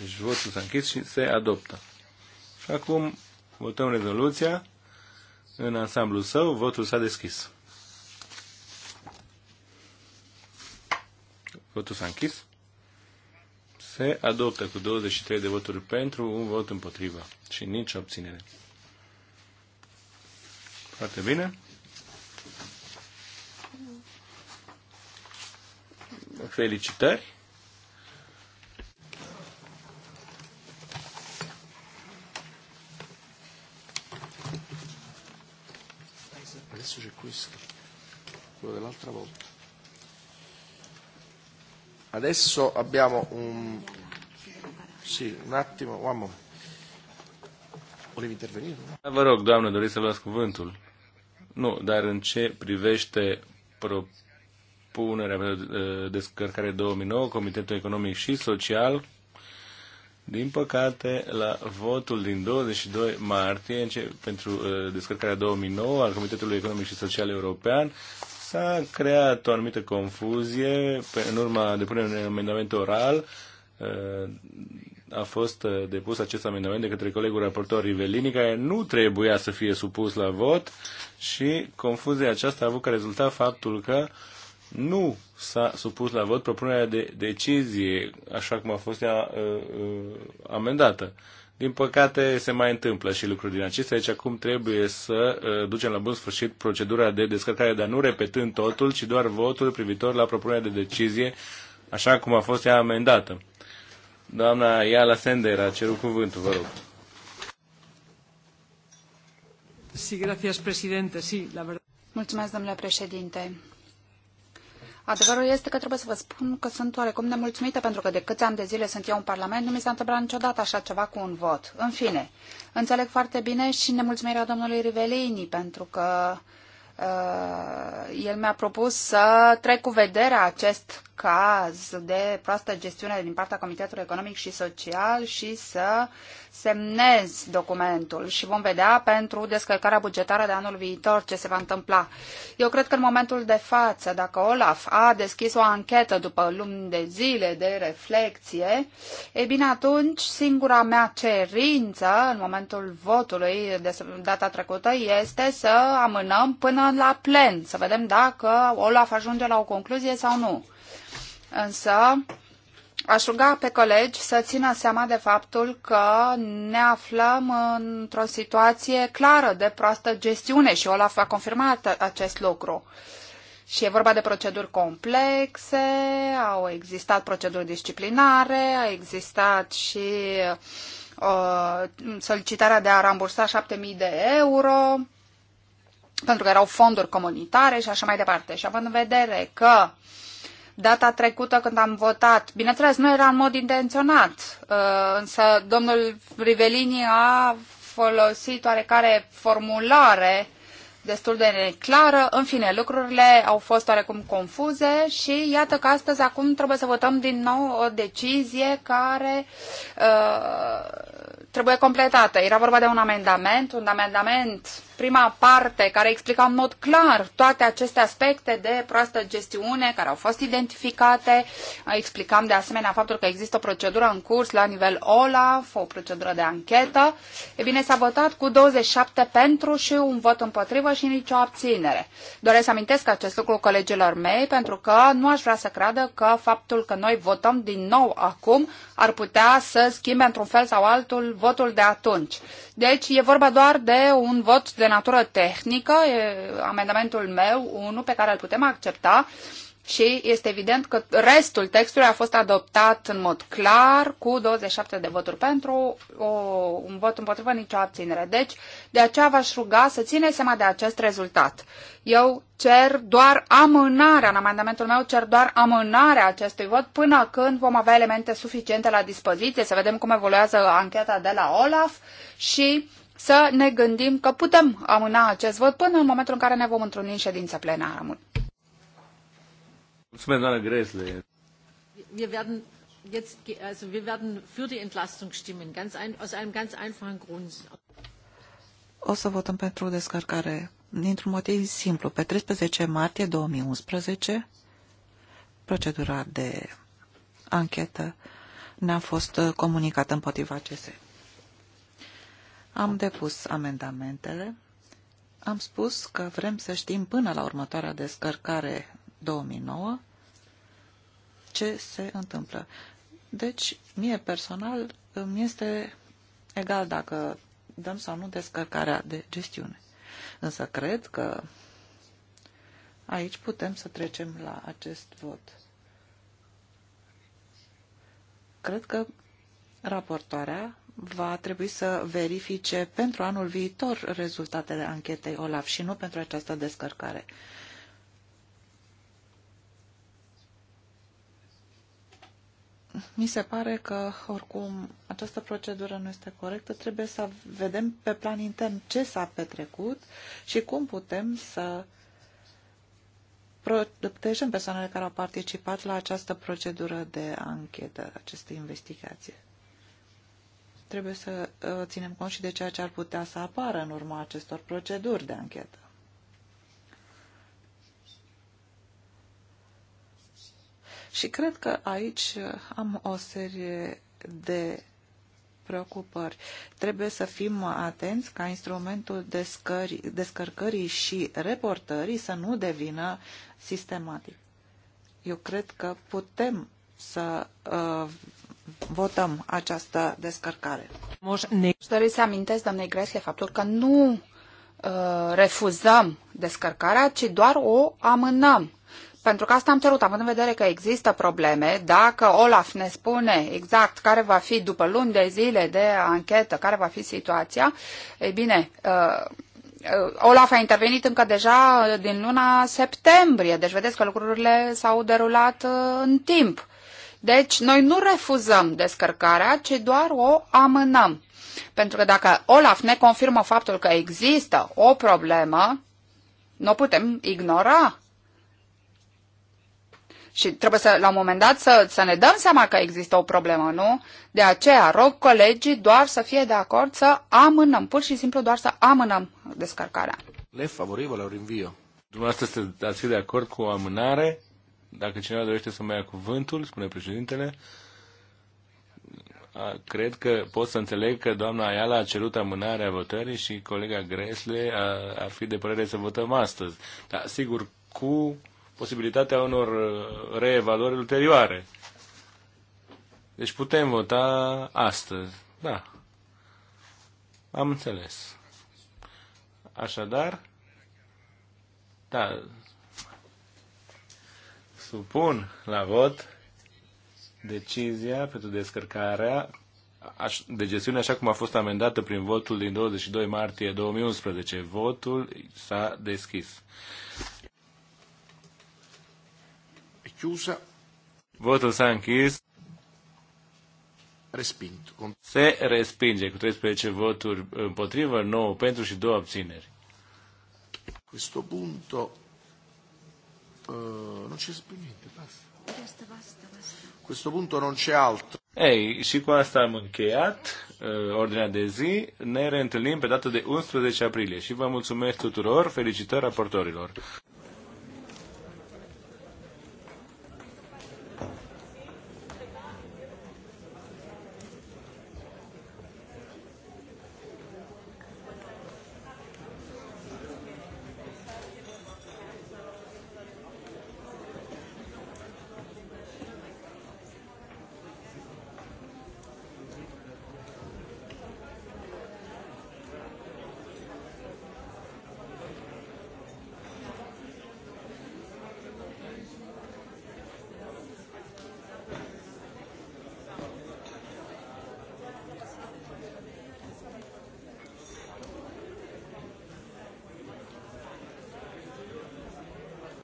A: Deci votul s-a închis și se adoptă. Și acum votăm rezoluția în ansamblu său. Votul s-a deschis. Votul s-a închis. Se adoptă cu 23 de voturi pentru, un vot împotrivă și nici obținere. Foarte bine. Felicitări. Adesso c'è questo, quello dell'altra volta. Adesso abbiamo un... Sì, un attimo, un
C: moment. Volevi intervenire? No?
A: Da, vă rog, doamnă, doriți să luați cuvântul. Nu, dar în ce privește propunerea de uh, descărcare 2009, Comitetul Economic și Social, din păcate, la votul din 22 martie pentru uh, descărcarea 2009 al Comitetului Economic și Social European S-a creat o anumită confuzie în urma depunerii unui amendament oral. Uh, a fost uh, depus acest amendament de către colegul raportor Rivelini, care nu trebuia să fie supus la vot și confuzia aceasta a avut ca rezultat faptul că nu s-a supus la vot propunerea de decizie, așa cum a fost ea uh, amendată. Din păcate, se mai întâmplă și lucruri din acestea, deci acum trebuie să uh, ducem la bun sfârșit procedura de descărcare, dar nu repetând totul, ci doar votul privitor la propunerea de decizie, așa cum a fost ea amendată. Doamna Iala Sender a cerut
C: cuvântul, vă rog. Sí, gracias, presidente. Sí, la verdad.
B: Mulțumesc, domnule președinte. Adevărul este că trebuie să vă spun că sunt oarecum nemulțumită pentru că de câți ani de zile sunt eu în Parlament nu mi s-a întâmplat niciodată așa ceva cu un vot. În fine, înțeleg foarte bine și nemulțumirea domnului Rivelini pentru că uh, el mi-a propus să trec cu vederea acest caz de proastă gestiune din partea Comitetului Economic și Social și să semnez documentul și vom vedea pentru descărcarea bugetară de anul viitor ce se va întâmpla. Eu cred că în momentul de față, dacă Olaf a deschis o anchetă după luni de zile de reflexie, e bine atunci singura mea cerință în momentul votului de data trecută este să amânăm până la plen, să vedem dacă Olaf ajunge la o concluzie sau nu. Însă, aș ruga pe colegi să țină seama de faptul că ne aflăm într-o situație clară de proastă gestiune și Olaf a confirmat acest lucru. Și e vorba de proceduri complexe, au existat proceduri disciplinare, a existat și uh, solicitarea de a rambursa 7.000 de euro, pentru că erau fonduri comunitare și așa mai departe. Și având în vedere că uh, data trecută când am votat. Bineînțeles, nu era în mod intenționat, uh, însă domnul Rivelini a folosit oarecare formulare destul de neclară. În fine, lucrurile au fost oarecum confuze și iată că astăzi acum trebuie să votăm din nou o decizie care uh, trebuie completată. Era vorba de un amendament, un amendament uh, prima parte care explica în mod clar toate aceste aspecte de proastă gestiune care au fost identificate. Explicam de asemenea faptul că există o procedură în curs la nivel OLAF, o procedură de anchetă. E bine, s-a votat cu 27 pentru și un vot împotrivă și nicio abținere. Doresc să amintesc acest lucru colegilor mei pentru că nu aș vrea să creadă că faptul că noi votăm din nou acum ar putea să schimbe într-un fel sau altul votul de atunci. Deci e vorba doar de un vot de de natură tehnică, amendamentul meu, unul pe care îl putem accepta, și este evident că restul textului a fost adoptat în mod clar cu 27 de voturi pentru, o, un vot împotrivă, nicio abținere. Deci, de aceea v-aș ruga să țineți seama de acest rezultat. Eu cer doar amânarea, în amendamentul meu cer doar amânarea acestui vot până când vom avea elemente suficiente la dispoziție, să vedem cum evoluează ancheta de la OLAF și să ne gândim că putem amâna acest vot până în momentul în care ne vom întruni în ședință plenară.
A: Mulțumesc, doamnă Gresle.
C: O să votăm pentru descărcare dintr-un motiv simplu. Pe 13 martie 2011, procedura de anchetă ne-a fost uh, comunicată împotriva CSE. Am depus amendamentele. Am spus că vrem să știm până la următoarea descărcare 2009 ce se întâmplă. Deci, mie personal, îmi este egal dacă dăm sau nu descărcarea de gestiune. Însă cred că aici putem să trecem la acest vot. Cred că raportoarea va trebui să verifice pentru anul viitor rezultatele anchetei OLAF și nu pentru această descărcare. Mi se pare că, oricum, această procedură nu este corectă. Trebuie să vedem pe plan intern ce s-a petrecut și cum putem să protejăm persoanele care au participat la această procedură de anchetă, această investigație. Trebuie să uh, ținem cont și de ceea ce ar putea să apară în urma acestor proceduri de anchetă. Și cred că aici uh, am o serie de preocupări. Trebuie să fim atenți ca instrumentul descări, descărcării și reportării să nu devină sistematic. Eu cred că putem să uh, votăm această descărcare. Aș dori să
B: amintesc, doamnei Gresle, faptul că nu uh, refuzăm descărcarea, ci doar o amânăm. Pentru că asta am cerut, având în vedere că există probleme, dacă Olaf ne spune exact care va fi după luni de zile de anchetă, care va fi situația, ei bine, uh, uh Olaf a intervenit încă deja uh, din luna septembrie, deci vedeți că lucrurile s-au derulat uh, în timp. Deci, noi nu refuzăm descărcarea, ci doar o amânăm. Pentru că dacă Olaf ne confirmă faptul că există o problemă, nu o putem ignora. Și trebuie să, la un moment dat să, să ne dăm seama că există o problemă, nu? De aceea rog colegii doar să fie de acord să amânăm, pur și simplu doar să amânăm descărcarea.
A: Le favorivă la rinvio. Dumneavoastră ați fi de acord cu o amânare? Dacă cineva dorește să mai ia cuvântul, spune președintele, cred că pot să înțeleg că doamna Ayala a cerut amânarea votării și colega Gresle a, ar fi de părere să votăm astăzi. Dar, sigur, cu posibilitatea unor uh, reevaluări ulterioare. Deci putem vota astăzi. Da. Am înțeles. Așadar, da, supun la vot decizia pentru descărcarea de gestiune așa cum a fost amendată prin votul din 22 martie 2011. Votul s-a deschis. Chiusa. Votul s-a închis. Respint. Se respinge cu 13 voturi împotrivă, 9 pentru și 2 abțineri. Questo punto Eh, non c'è più niente, basta. Basta, basta, basta. A questo punto non c'è altro. Ei, și cu asta am încheiat uh, eh, ordinea de zi. Ne reîntâlnim pe data de 11 aprilie și vă mulțumesc tuturor. Felicitări raportorilor.